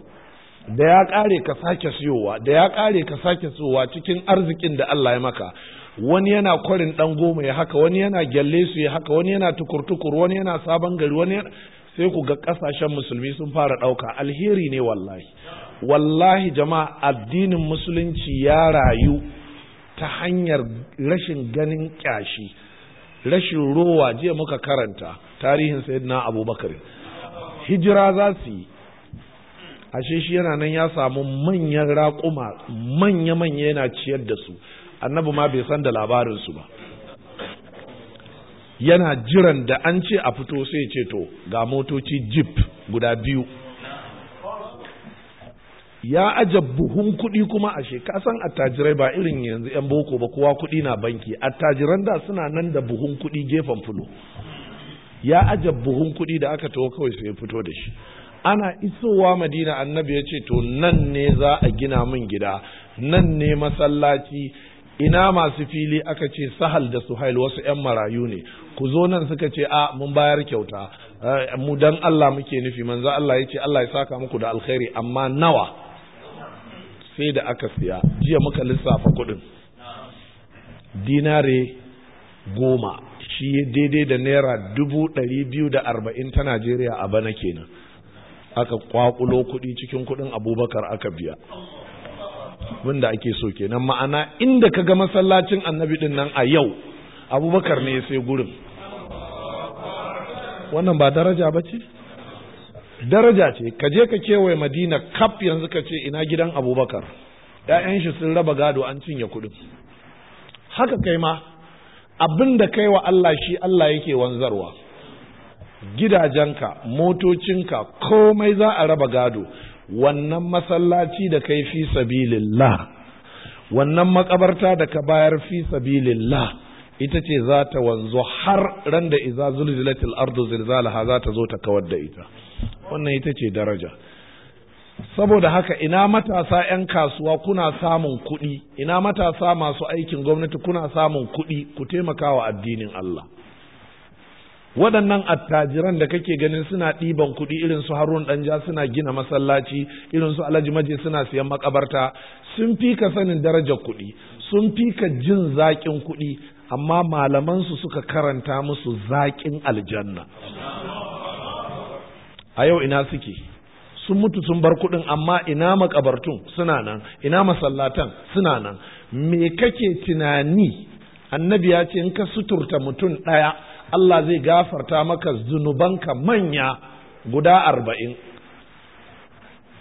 da ya ƙare ka sake siyowa da ya ƙare ka sake siyowa cikin arzikin da Allah ya maka wani yana kwarin ɗan goma ya haka wani yana gyalle su ya haka wani yana tukurtukur wani yana sabon gari wani sai ku ga ƙasashen musulmi sun fara ɗauka alheri ne wallahi wallahi jama'a addinin musulunci ya rayu ta hanyar rashin ganin kyashi rashin rowa jiya muka karanta tarihin sayyidina abubakar hijira za su yi ashe shi yana nan ya samu manyan raƙuma manya-manya yana ciyar da su annabi ma bai san da labarinsu ba yana jiran da an ce a fito sai ce to ga motoci jeep guda biyu ya aje buhun kuɗi kuma ashe. Ka san attajirai ba irin yanzu 'yan boko ba kowa kuɗi na banki attajiran da suna nan da buhun kuɗi gefen fulo ya aje buhun kuɗi da aka taho kawai sai fito da shi ana isowa madina annabi ya ce to nan ne za a gina min gida nan ne masallaci ina masu fili aka ce sahal da suhail wasu 'yan marayu ne ku zo nan suka ce a mun bayar kyauta eh, mu dan Allah muke nufi manzo Allah ya ce Allah ya saka muku da alkhairi amma nawa sai da aka siya jiya muka lissafa kuɗin dinare goma shi daidai da naira dubu ɗari biyu da arba'in ta najeriya a bana kenan aka kwakulo kuɗi cikin kuɗin abubakar aka biya wanda ake so kenan ma'ana inda ka ga masallacin annabi din nan a yau abubakar ne sai gurin wannan ba daraja ba ce daraja ce ka je ka kewaye madina kaf yanzu ka ce ina gidan abubakar ‘ya'yan shi sun raba gado an cinye kuɗin haka kai ma abin da kai wa Allah shi Allah yake wanzarwa gidajenka motocinka komai za a raba gado wannan masallaci da kai fi sabilillah wannan makabarta da ka bayar fi sabilillah ita ce za ta wanzu har ran da iza zulzilatil ardu zilzalaha za ta zo ta kawar da ita wannan ita ce daraja saboda haka ina matasa 'yan kasuwa kuna samun kuɗi ina matasa masu aikin gwamnati kuna samun kuɗi ku taimaka wa addinin Allah waɗannan attajiran da kake ganin suna ɗiban kuɗi irin su harun ɗanja suna gina masallaci irin su alhaji maje suna siyan makabarta sun fi ka sanin darajar kuɗi sun fi ka jin zaƙin kuɗi amma malamansu suka karanta musu zaƙin aljanna a yau ina suke sun mutu sun bar kudin amma ina makabartun suna nan ina masallatan suna nan me kake tunani annabi ya ce in ka suturta mutum ɗaya Allah zai gafarta maka zunubanka manya guda arba'in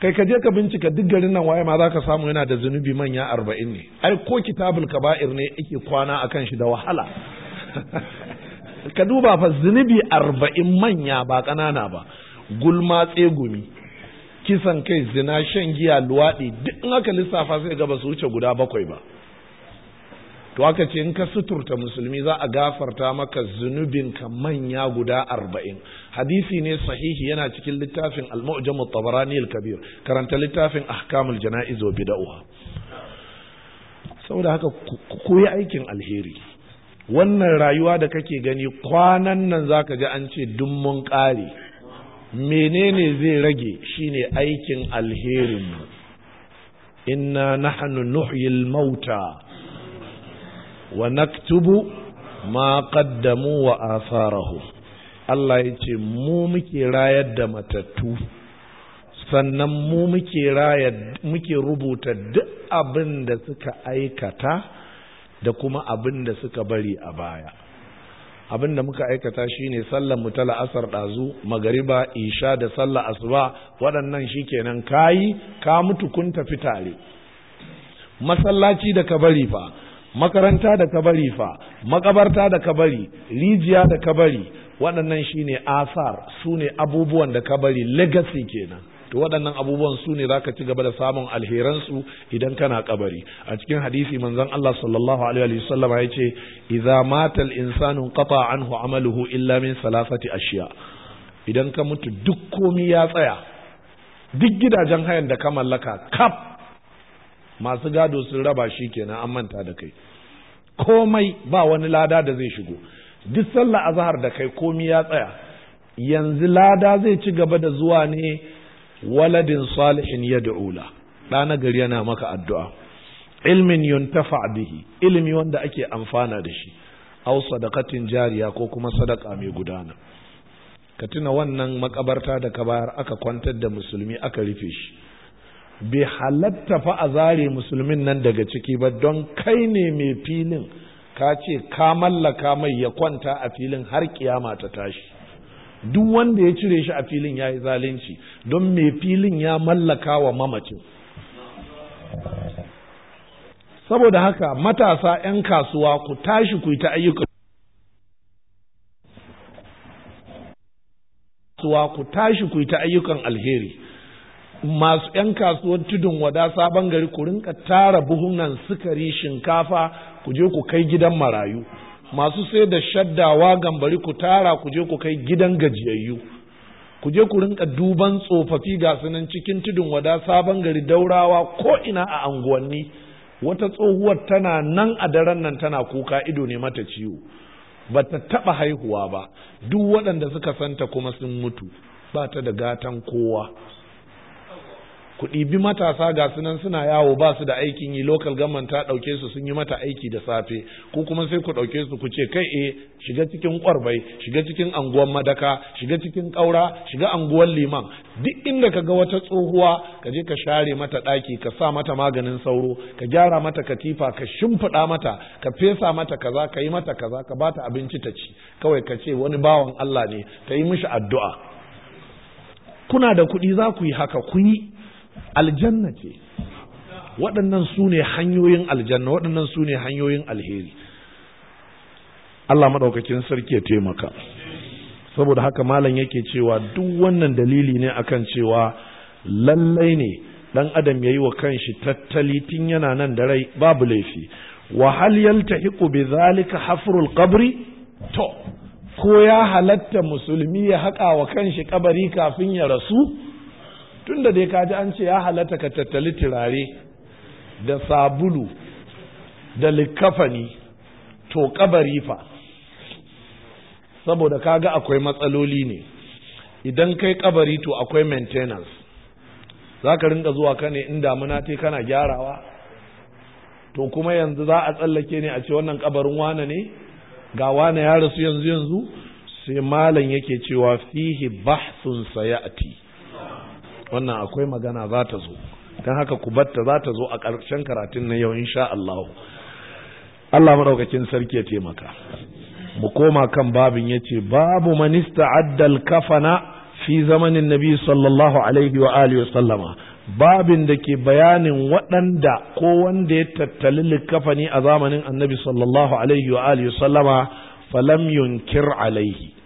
kai ka je ka bincika duk garin nan waye ma za ka samu yana da zunubi manya arba'in ne ai ko kitabul kaba'ir ne yake kwana a kan shi da wahala ka duba fa zunubi arba'in manya ba ƙanana ba gulma tsegumi kisan kai zina shan giya luwaɗi duk in aka lissafa sai ga ba su wuce guda bakwai ba to aka ce in ka suturta musulmi za a gafarta maka zunubinka manya guda arba'in hadisi ne sahihi yana cikin littafin al-mu'jam at-tabarani al-kabir karanta littafin ahkamul jana'iz wa bid'ah saboda haka ko koyi aikin alheri wannan rayuwa da kake gani kwanan nan zaka ji an ce dummun mun menene zai rage shine aikin alherinmu inna nahnu nuhyil mauta wa naktubu ma qaddamu wa Asarahu. Allah ya ce mu muke rayar da matattu sannan mu muke rayar muke rubuta duk abin da suka aikata da kuma abin da suka bari a baya abin da muka aikata shine sallar mu ta la'asar ɗazu magariba isha da sallar asuba waɗannan shi kenan ka yi ka mutu kun tafi tare masallaci da kabari fa makaranta da kabari fa makabarta da kabari rijiya da kabari waɗannan shi ne asar su ne abubuwan da kabari legacy kenan to waɗannan abubuwan su ne zaka ci gaba da samun alheransu idan kana kabari a cikin hadisi manzon Allah sallallahu alaihi wa sallam ya ce idza mata al insanu qata anhu amaluhu illa min salasati ashiya idan ka mutu duk komi ya tsaya duk gidajen hayan da ka mallaka kaf masu gado sun raba shi kenan an manta da kai komai ba wani lada da zai shigo duk sallah azhar da kai komi ya tsaya yanzu lada zai ci gaba da zuwa ne waladin salihin ya da'ula ɗana na gari yana maka addu'a ilmin yuntafa bihi ilmi wanda ake amfana da shi da sadakatin jariya ko kuma sadaka mai gudana ka tuna wannan makabarta da ka bayar aka kwantar da musulmi aka rufe shi bai halatta fa a zare musulmin nan daga ciki ba don kai ne mai filin ka ce ka mallaka mai ya kwanta a filin har kiyama ta tashi duk wanda ya cire shi a filin ya yi zalunci don mai filin ya mallaka wa mamacin saboda haka matasa 'yan kasuwa ku tashi ku yi ta ayyukan kasuwa ku tashi ku yi ta ayyukan alheri masu 'yan kasuwar tudun wada sabon gari ku rinka tara buhunan sukari shinkafa ku je ku kai gidan marayu masu sai da shaddawa gambari ku tara ku je ku kai gidan gajiyayyu ku je ku rinka duban tsofaffi ga sunan cikin tudun wada sabon gari daurawa ko ina a anguwanni wata tsohuwar tana nan a daren nan tana kuka ido ne mata ciwo ba ta taɓa haihuwa ba duk waɗanda suka santa kuma sun mutu ba ta da gatan kowa ku ɗibi matasa ga sunan suna yawo ba su da aikin yi local government ta ɗauke su sun yi mata aiki da safe Ko kuma sai ku ɗauke su ku ce kai e shiga cikin ƙwarbai shiga cikin anguwan madaka shiga cikin ƙaura shiga anguwan liman duk inda ka ga wata tsohuwa ka je ka share mata ɗaki ka sa mata maganin sauro ka gyara mata katifa ka shimfiɗa mata ka fesa mata kaza ka yi mata kaza ka bata abinci ta ci kawai ka ce wani bawan Allah ne ka yi mishi addu'a kuna da kuɗi za ku yi haka kun yi aljanna ce waɗannan su ne hanyoyin aljanna waɗannan su ne hanyoyin alheri Allah maɗaukakin sarki ya taimaka saboda haka malam yake cewa duk wannan dalili ne akan cewa lallai ne ɗan adam ya yi wa kanshi tattali tun yana nan da rai babu laifi wa ta yaltahiqu bi zalika hafrul qabri to ko ya halatta musulmi ya haƙa wa kanshi ƙabari kafin ya rasu tun da dai kaji an ce ya halatta ka tattali turare da sabulu da likafani to kabari fa saboda kaga akwai matsaloli ne idan kai kabari to akwai maintenance za ka rinka zuwa ka ne in damuna te kana gyarawa to kuma yanzu za a tsallake ne a ce wannan kabarin wane ne ga wane ya rasu yanzu yanzu sai malam yake cewa fihi bahsun sayati wannan akwai magana za ta zo don haka ku batta za ta zo a ƙarshen karatun na yau insha Allah Allah maɗaukakin sarki ya taimaka mu koma kan babin ya ce babu manista addal kafana fi zamanin nabi sallallahu alaihi wa alihi sallama babin da ke bayanin waɗanda ko wanda ya tattali likafani a zamanin annabi sallallahu alaihi wa alihi sallama falam yunkir alaihi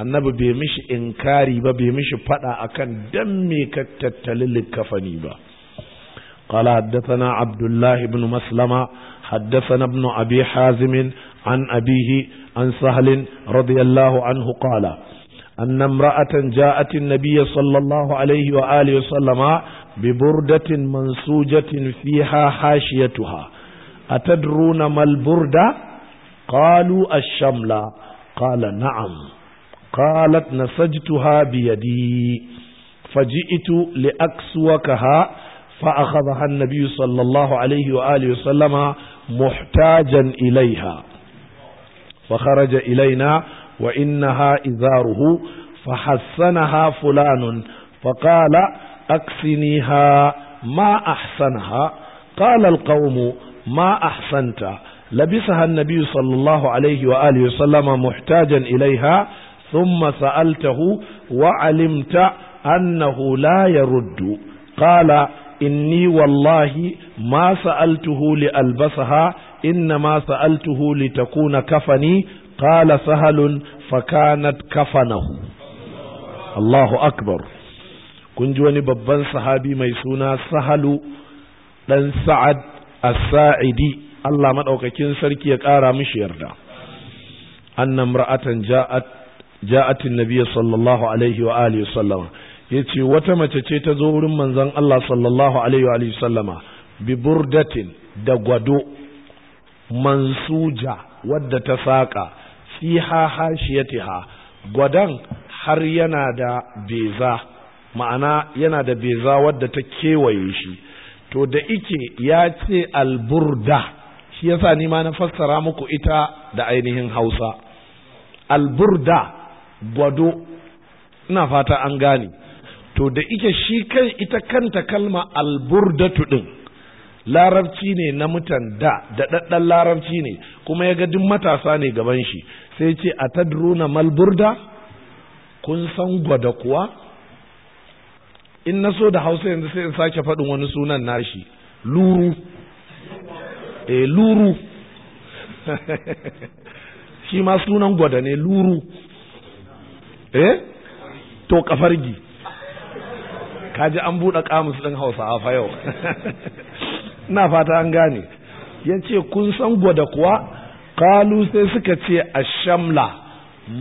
annabi bai mishi inkari ba bai mishi fada akan dan me ka tattali likafani ba قال حدثنا عبد الله بن مسلمة حدثنا ابن أبي حازم عن أبيه عن سهل رضي الله عنه قال أن امرأة جاءت النبي صلى الله عليه وآله وسلم ببردة منسوجة فيها حاشيتها أتدرون ما البردة قالوا الشملة قال نعم qalat nasajtuha bi yadi faji'tu li akswakaha fa akhadhaha an-nabiy sallallahu alayhi wa alihi wa sallama muhtajan fa kharaja wa izaruhu فحسنها فلان فقال أكسنيها ما أحسنها قال القوم ما أحسنت لبسها النبي صلى الله عليه وآله وسلم محتاجا إليها thumma sa'altahu wa alimta annahu la yaruddu qala inni wallahi ma sa'altuhu li albasaha inna ma sa'altuhu li takuna kafani qala sahalun fakanat kafanahu Allahu akbar kun ji wani babban sahabi mai suna sahalu dan sa'ad as-sa'idi Allah madaukakin sarki ya ƙara mishi yarda annam ra'atan ja'at ja'atin Nabiya sallallahu alaihi wa alihi wasallama yace wata mace ce ta zo wurin manzon Allah sallallahu alaihi wa alihi wasallama bi da gwado mansuja wadda ta saka fiha hashiyatiha gwadan har yana da beza ma'ana yana da beza wadda ta kewaye shi to da ike ya ce alburda shi yasa ni ma na fassara muku ita da ainihin Hausa alburda gwado ina fata an gane to da ike shi kai ita kanta kalma alburdatu din larabci ne na mutan da da daddan larabci ne kuma ya ga duk matasa ne gaban shi sai ce a tadruna malburda kun san gwada kuwa in na so da hausa yanzu sai in sake faɗin wani sunan nashi luru eh luru shi ma sunan gwada ne luru eh to kafargi kaji an buɗe kamus ɗin hausawa fa yau ina fata an gane yace kun san gwada kuwa kalu sai suka ce a shamla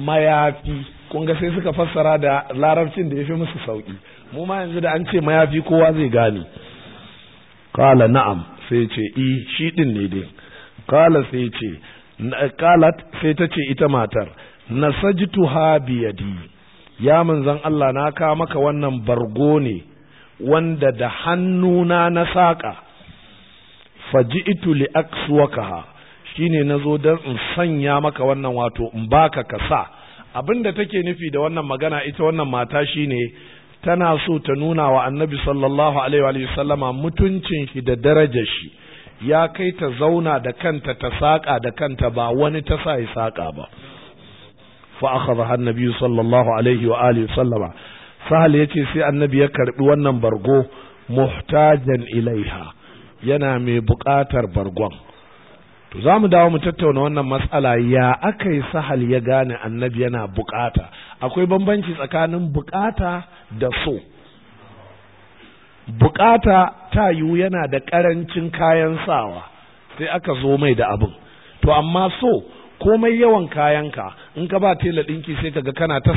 mayafi kun ga sai suka fassara da larabcin da ya fi musu sauƙi mu ma yanzu da an ce mayafi kowa zai gane kala na'am sai ce i eh, shi ɗin ne dai kala sai ce kalat sai ta ce ita matar ha biyadi ya manzan Allah na ka maka wannan bargo ne wanda da hannuna na saƙa faji'tu li akswakaha shine nazo dan in sanya maka wannan wato in baka kasa abinda take nufi da wannan magana ita wannan mata shine tana so ta nuna wa annabi sallallahu alaihi wa sallama mutuncin shi da darajar shi ya kai ta zauna da kanta ta saƙa da kanta ba wani ta sa ya saƙa ba fa akhadha annabi sallallahu alaihi wa alihi sallama sahal yace sai annabi ya karbi wannan bargo muhtajan ilaiha yana mai buƙatar bargon to za mu dawo mu tattauna wannan matsala ya aka yi sahal ya gane annabi yana buƙata akwai bambanci tsakanin buƙata da so buƙata ta yiwu yana da ƙarancin kayan sawa sai aka zo mai da abin to amma so komai yawan kayanka in ka ba tela ɗinki sai ka ga kana ta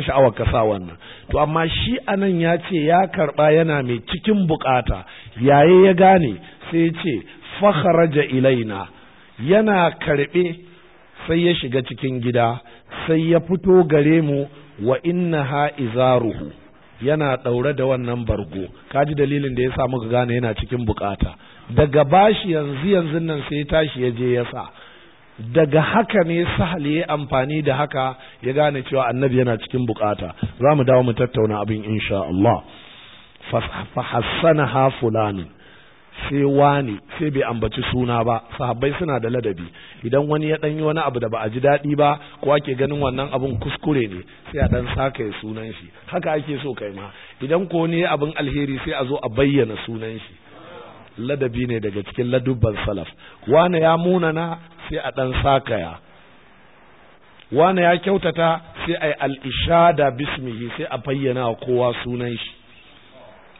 sha'awar ka sa wannan to amma shi anan ya ce ya karɓa yana mai cikin bukata yaye ya gane sai ya ce fakharaja ilaina yana karɓe sai ya shiga cikin gida sai ya fito gare mu wa innaha izaruhu yana ɗaure da wannan bargo kaji dalilin da ya sa muka gane yana cikin bukata daga bashi yanzu yanzu nan sai tashi ya je ya sa daga haka ne sahal ya amfani da haka ya gane cewa annabi yana cikin bukata za mu dawo mu tattauna abin insha Allah fa hassanaha sai wani sai bai ambaci suna ba sahabbai suna da ladabi idan wani ya danyi wani abu da ba a ji daɗi ba ko ake ganin wannan abun kuskure ne sai a ɗan saka ya sunan shi haka ake so kai ma idan ko ne abin alheri sai a zo a bayyana sunan shi ladabi ne daga cikin ladubban salaf wani ya munana sai a ɗan sakaya wane ya kyautata sai a yi al'ishada bismihi sai a fayyana wa kowa sunan shi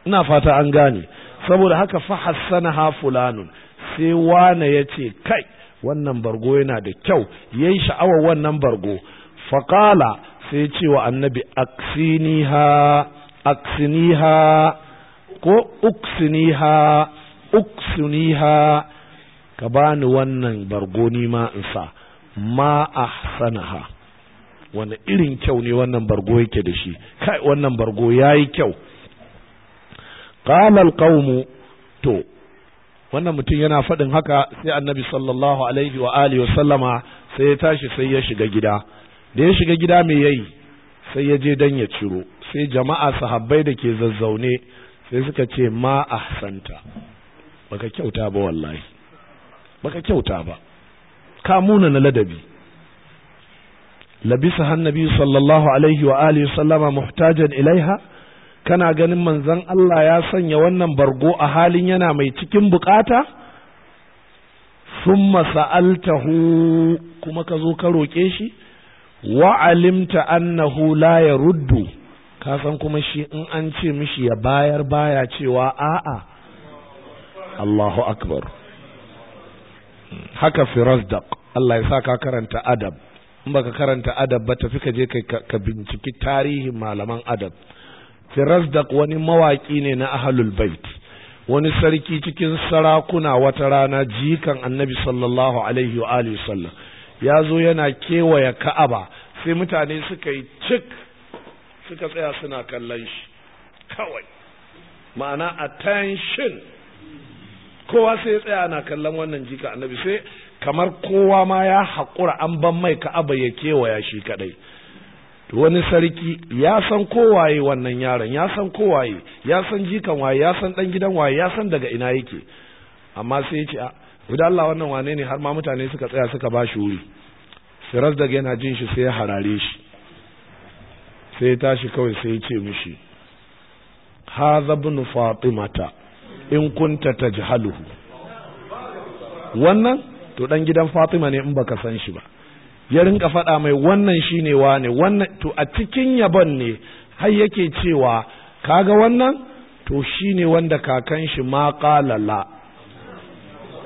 ina fata an gane saboda haka fa ha fulanun sai wane ya ce kai wannan bargo yana da kyau ya yi sha'awar wannan bargo faƙala sai ce wa annabi aksiniha aksiniha ko uksiniha uksiniha ka bani wannan bargoni ma in sa ma ahsanaha wani irin kyau ne wannan bargo yake da shi kai wannan bargo yayi kyau qala alqawmu to wannan mutum yana faɗin haka sai annabi sallallahu alaihi wa alihi wa sallama sai ya tashi sai ya shiga gida da ya shiga gida me yayi sai ya je dan ya ciro sai jama'a sahabbai da ke zazzaune sai suka ce ma ahsanta baka kyauta ba wallahi baka kyauta ba ka muna na ladabi labisa hannabi sallallahu alaihi wa alihi sallama muhtajan ilaiha kana ganin manzon Allah ya sanya wannan bargo a halin yana mai cikin bukata thumma sa'altahu kuma ka zo ka roke shi wa alimta annahu la yaruddu ka san kuma shi in an ce mishi ya bayar baya cewa a'a Allahu akbar haka firasdaq Allah ya sa ka karanta adab in baka karanta adab ba tafi ka je ka binciki tarihin malaman adab firasdaq wani mawaki ne na ahlul bait wani sarki cikin sarakuna wata rana jikan annabi sallallahu alaihi wa alihi sallam ya zo yana kewaya ka'aba sai mutane suka yi cik suka tsaya suna kallon shi kawai ma'ana attention kowa sai ya tsaya ana kallon wannan jika annabi sai kamar kowa ma ya haƙura an ban mai ka Aba ya kewaya shi kadai wani sarki ya san kowaye wannan yaron ya san kowaye ya san jikan waye ya san dan gidan waye ya san daga ina yake amma sai ya ce a guda Allah wannan wane ne har ma mutane suka tsaya suka ba shi wuri siras daga yana jin shi sai ya harare shi sai ya tashi kawai sai ya ce mishi ha zabnu fatimata in kunta tajhaluhu wannan to dan gidan Fatima ne in baka san shi ba ya rinka faɗa mai wannan shi wa wane wannan to a cikin yabon ne har yake cewa kaga wannan to shi ne wanda kakan shi ma ƙalala. la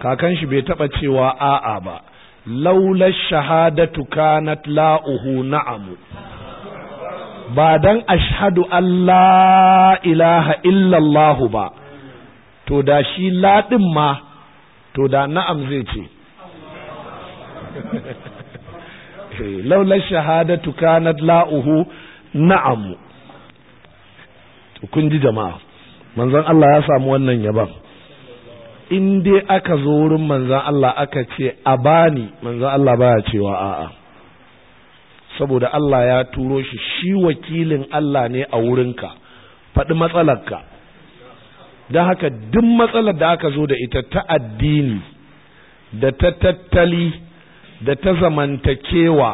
kakan shi bai taɓa cewa a'a ba laula shahadatu kanat la'uhu na'amu ba dan ashhadu an la ilaha illallahu ba to da shi laɗin ma to da na'am zai ce eh, laular shahadatu kanat la'uhu na'am kun ji jama'a manzon Allah ya samu wannan yaban in dai aka zo wurin manzon Allah aka ce a bani manzon Allah baya cewa a'a saboda Allah ya turo shi shi wakilin Allah ne a wurinka faɗi matsalarka don haka duk matsalar da aka zo da ita ta addini da ta tattali da ta zamantakewa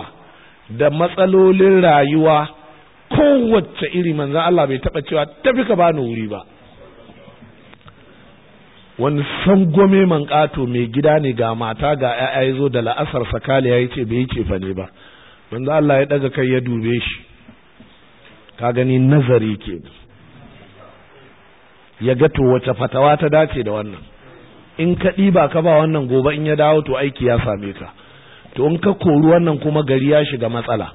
da matsalolin rayuwa kowace iri manzan Allah bai taɓa cewa tafi ka bani wuri ba wani sangome man ƙato mai gida ne ga mata ga ‘ya'ya ya zo da la'asar sakali ya ce bai ce fane ba manzan Allah ya ɗaga kai ya dube shi ka gani nazari ke ya ga to wace fatawa ta dace da wannan in ka ɗiba ka ba wannan gobe in ya dawo to aiki ya same ka to in ka kori wannan kuma gari ya shiga matsala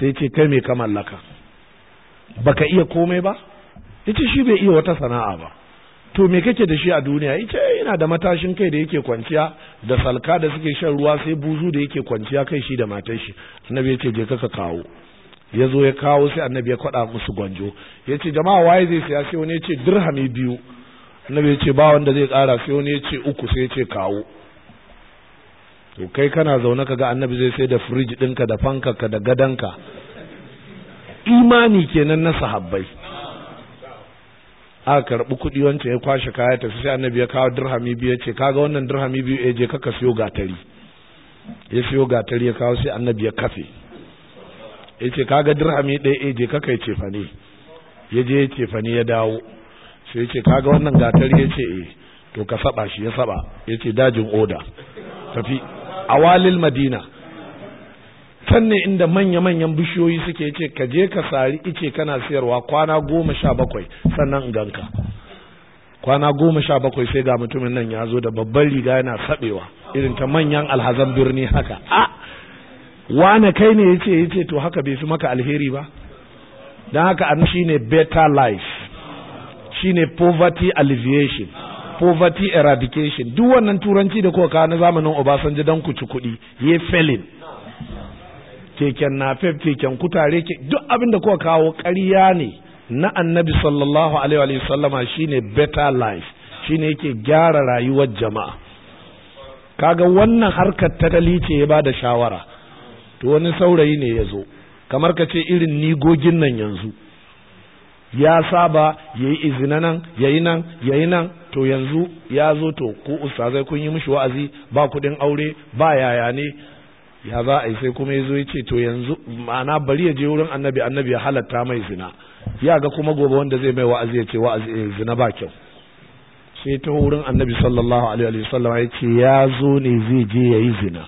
sai ce kai mai ka mallaka baka iya komai ba yace shi bai iya wata sana'a ba to me kake da shi a duniya yace ina da matashin kai da yake kwanciya da salka da suke shan ruwa sai buzu da yake kwanciya kai shi da matar shi annabi yace je ka kawo ya zo ya kawo sai annabi ya kwaɗa musu gwanjo ya ce jama'a waye zai siya sai wani ya ce dirhami biyu annabi ya ce ba wanda zai kara. sai wani ya ce uku sai ya ce kawo to kai kana zaune ka ga annabi zai sai da firiji dinka da fanka ka da gadanka imani kenan na sahabbai aka karɓi kuɗi wancan ya kwashe kaya tafi sai annabi ya kawo dirhami biyu ya ce kaga wannan dirhami biyu ya eh, je kaka siyo gatari ya siyo gatari ya kawo sai annabi ya kafe ya ce kaga dirhami ɗaya ya eh, je kakai cefane ya je ya cefane ya dawo sai ya ce kaga wannan gatar ya ce eh to ka saba shi ya saba ya ce dajin oda tafi walil madina can ne inda manya-manyan bishiyoyi suke ce ka je ka sari ice kana sayarwa kwana goma sha bakwai sannan ganka kwana goma sha bakwai sai ga mutumin nan ya zo da babban riga yana saɓewa irin ta manyan alhazan birni haka a ah! wane kai ne yace yace to haka bai fi maka alheri ba don haka an shine better life shine poverty alleviation poverty eradication duk wannan turanci da kuka na zamanin Obasanjo dan ku ci kuɗi ye felin keken nafef keken kutare ke duk abin da kuka kawo ƙarya ne na annabi sallallahu alaihi wa sallama shine better life shine yake gyara rayuwar jama'a kaga wannan harkar tattali ce ya bada shawara to wani saurayi ne ya zo kamar ka ce irin nigogin nan yanzu ya saba ya yi izina nan ya yi nan ya yi nan to yanzu ya zo to ko ustazai kun yi mishi wa'azi ba kuɗin aure ba yaya ne ya za a yi sai kuma ya zo ya ce to yanzu ma'ana bari ya je wurin annabi annabi ya halatta mai zina ya ga kuma gobe wanda zai mai wa'azi ya ce wa'azi eh, zina ba kyau sai ta wurin annabi sallallahu alaihi wa sallam ya ce ya zo ne zai je ya yi zina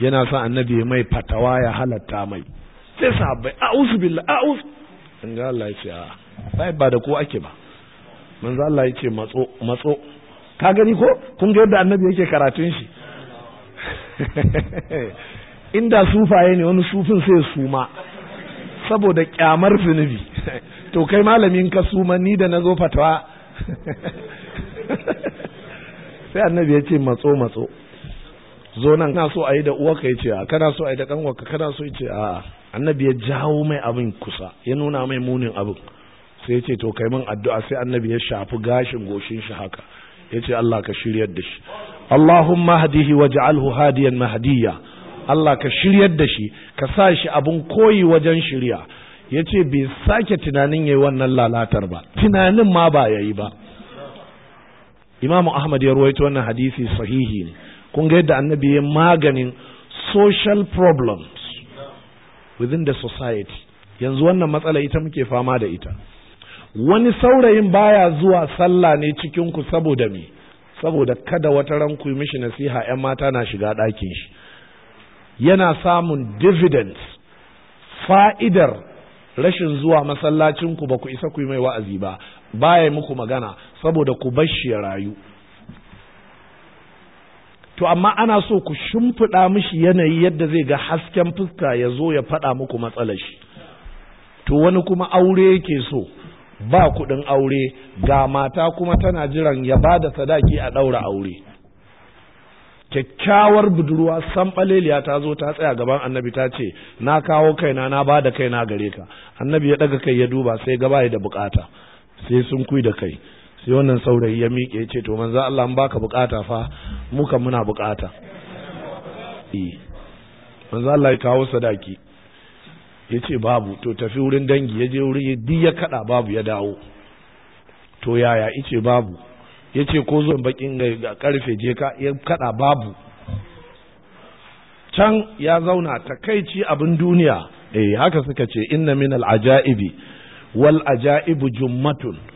yana sa annabi mai fatawa ya halatta mai sai sahabbai a'udhu a usu in ga Allah ya ce a bai ba da ko ake ba manzo Allah ya ce matso matso ka gani ko kun ga yadda annabi yake karatun shi inda sufaye ne wani sufin sai suma saboda kyamar zunubi to kai malamin ka suma ni da nazo fatawa sai annabi ya ce matso matso zo nan kana so a yi da uwarka ya ce a kana so a yi da ka, kana so ya ce a annabi ya jawo mai abin kusa ya nuna mai munin abin sai ya ce to kai min addu'a sai annabi ya shafi gashin goshin shi haka ya ce Allah ka shiryar da shi Allahumma hadihi ja'alhu hadiyan mahdiya Allah ka shiryar da shi ka sa shi abun koyi wajen shirya ya ce bai sake tunanin yayi wannan lalatar ba tunanin ma ba yayi ba Imam Ahmad ya ruwaito wannan hadisi sahihi ne kun ga yadda annabi ya maganin social problems within the society yanzu wannan matsala ita muke fama da ita wani saurayin baya zuwa sallah ne cikin ku saboda me saboda kada wata ran ku mishi nasiha ƴan mata na shiga ɗakin shi yana samun dividends fa'idar rashin zuwa masallacin ku ba ku isa ku yi mai wa'azi ba baya muku magana saboda ku bar shi ya rayu to amma ana so ku shimfiɗa mishi yanayi yadda zai ga hasken fuska ya zo ya faɗa muku matsalar shi to wani kuma aure yake so ba kuɗin aure ga mata kuma tana jiran ya ba da sadaki a ɗaura aure kyakkyawar budurwa sanɓaleliya ta zo ta tsaya gaban annabi ta ce na kawo kaina na ba da kaina gare ka annabi ya ɗaga kai ya duba sai gaba da bukata sai sun kui da kai sai wannan saurayi ya miƙe ya ce to manzo Allah an baka bukata fa mu kan muna bukata e, manzo Allah ya kawo sadaki ya ce babu to tafi wurin dangi ya je wurin duk ya kada babu ya dawo to yaya ice babu ya ce ko zuwan bakin ga karfe je ka ya kada babu can ya zauna takaici abin duniya eh haka suka ce inna min al ajaibi wal ajaibu jummatun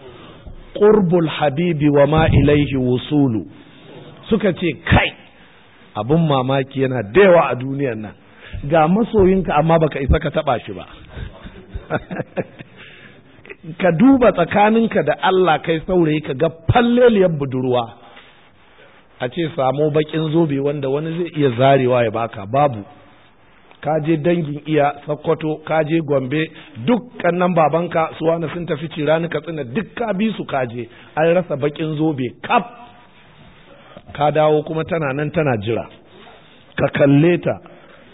Ƙurbul habibi wa ma ilaihi wusulu suka ce kai abun mamaki yana da yawa a duniyar nan ga masoyinka amma baka isa ka taba shi ba ka duba tsakaninka da Allah kai saurayi ka ga falleliyar budurwa a ce samo bakin zobe wanda wani zai iya zarewa ya baka babu ka je dangin iya sakkwato ka je gombe dukkan nan babanka su wani sun tafi rani ka tsina duk ka bi su ka je an rasa bakin zobe kaf ka dawo kuma tana nan tana jira ka kalle ta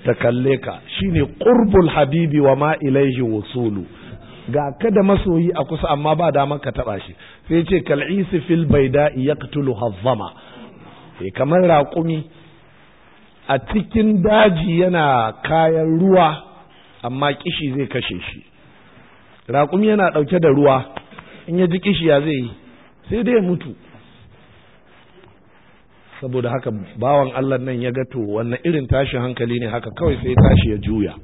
ta kalle ka shine qurbul habibi wa ma ilaihi Sulu. ga kada masoyi a kusa amma ba damar ka taba shi sai ce kal'isi fil baida yaqtulu hazzama eh, kamar raƙumi a cikin daji yana kayan ruwa amma kishi zai kashe shi raƙumi yana ɗauke da ruwa in ya ji kishi ya zai yi sai dai mutu saboda haka bawan Allah nan ya gato wannan irin tashin hankali ne haka kawai sai tashi ya juya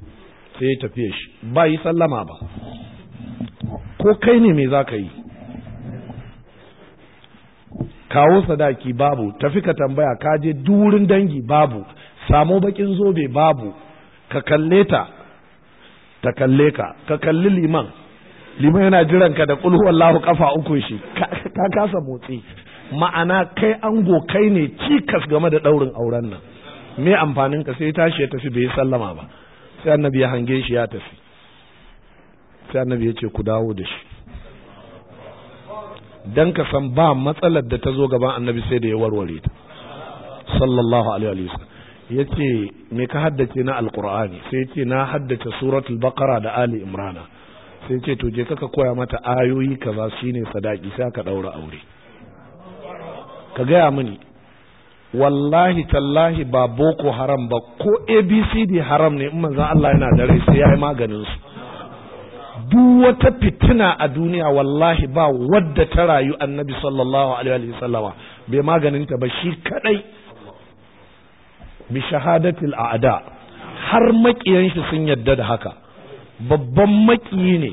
sai ya tafiye shi ba yi sallama ba ko kai ne mai za ka yi kawo sadaki babu tafi ka tambaya ka je durin dangi babu samu bakin zobe babu ka kalle ta ta kalle ka ka kalli liman liman yana jiran ka da kulhu wallahu kafa uku shi ka kasa motsi ma'ana kai ango kai ne cikas game da daurin auren nan me amfanin ka sai tashi ya tafi bai sallama ba sai annabi ya hange shi ya tafi sai annabi ya ce ku dawo da shi dan ka san ba matsalar da ta zo gaban annabi sai da ya warware ta sallallahu alaihi wasallam Yace ce me ka haddace na alkur'ani sai ce na haddace suratul bakara da ali imrana sai ce to je kaka koya mata ayoyi kaza shine sadaki sai ka daura aure ka gaya mini wallahi tallahi ba boko haram ba ko abcd haram ne in manzan Allah yana da rai sai ya yi maganin su duk wata fitina a duniya wallahi ba wadda ta rayu annabi sallallahu alaihi wa bai maganin ta ba shi kadai bi shahadatil a'da har makiyan shi sun yadda da haka babban makiyi ne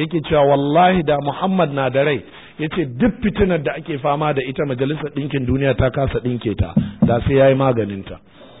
yake cewa wallahi da Muhammad na da rai yace duk fitinar da ake fama da ita majalisar ɗinkin duniya ta kasa ɗinke ta da sai yayi maganinta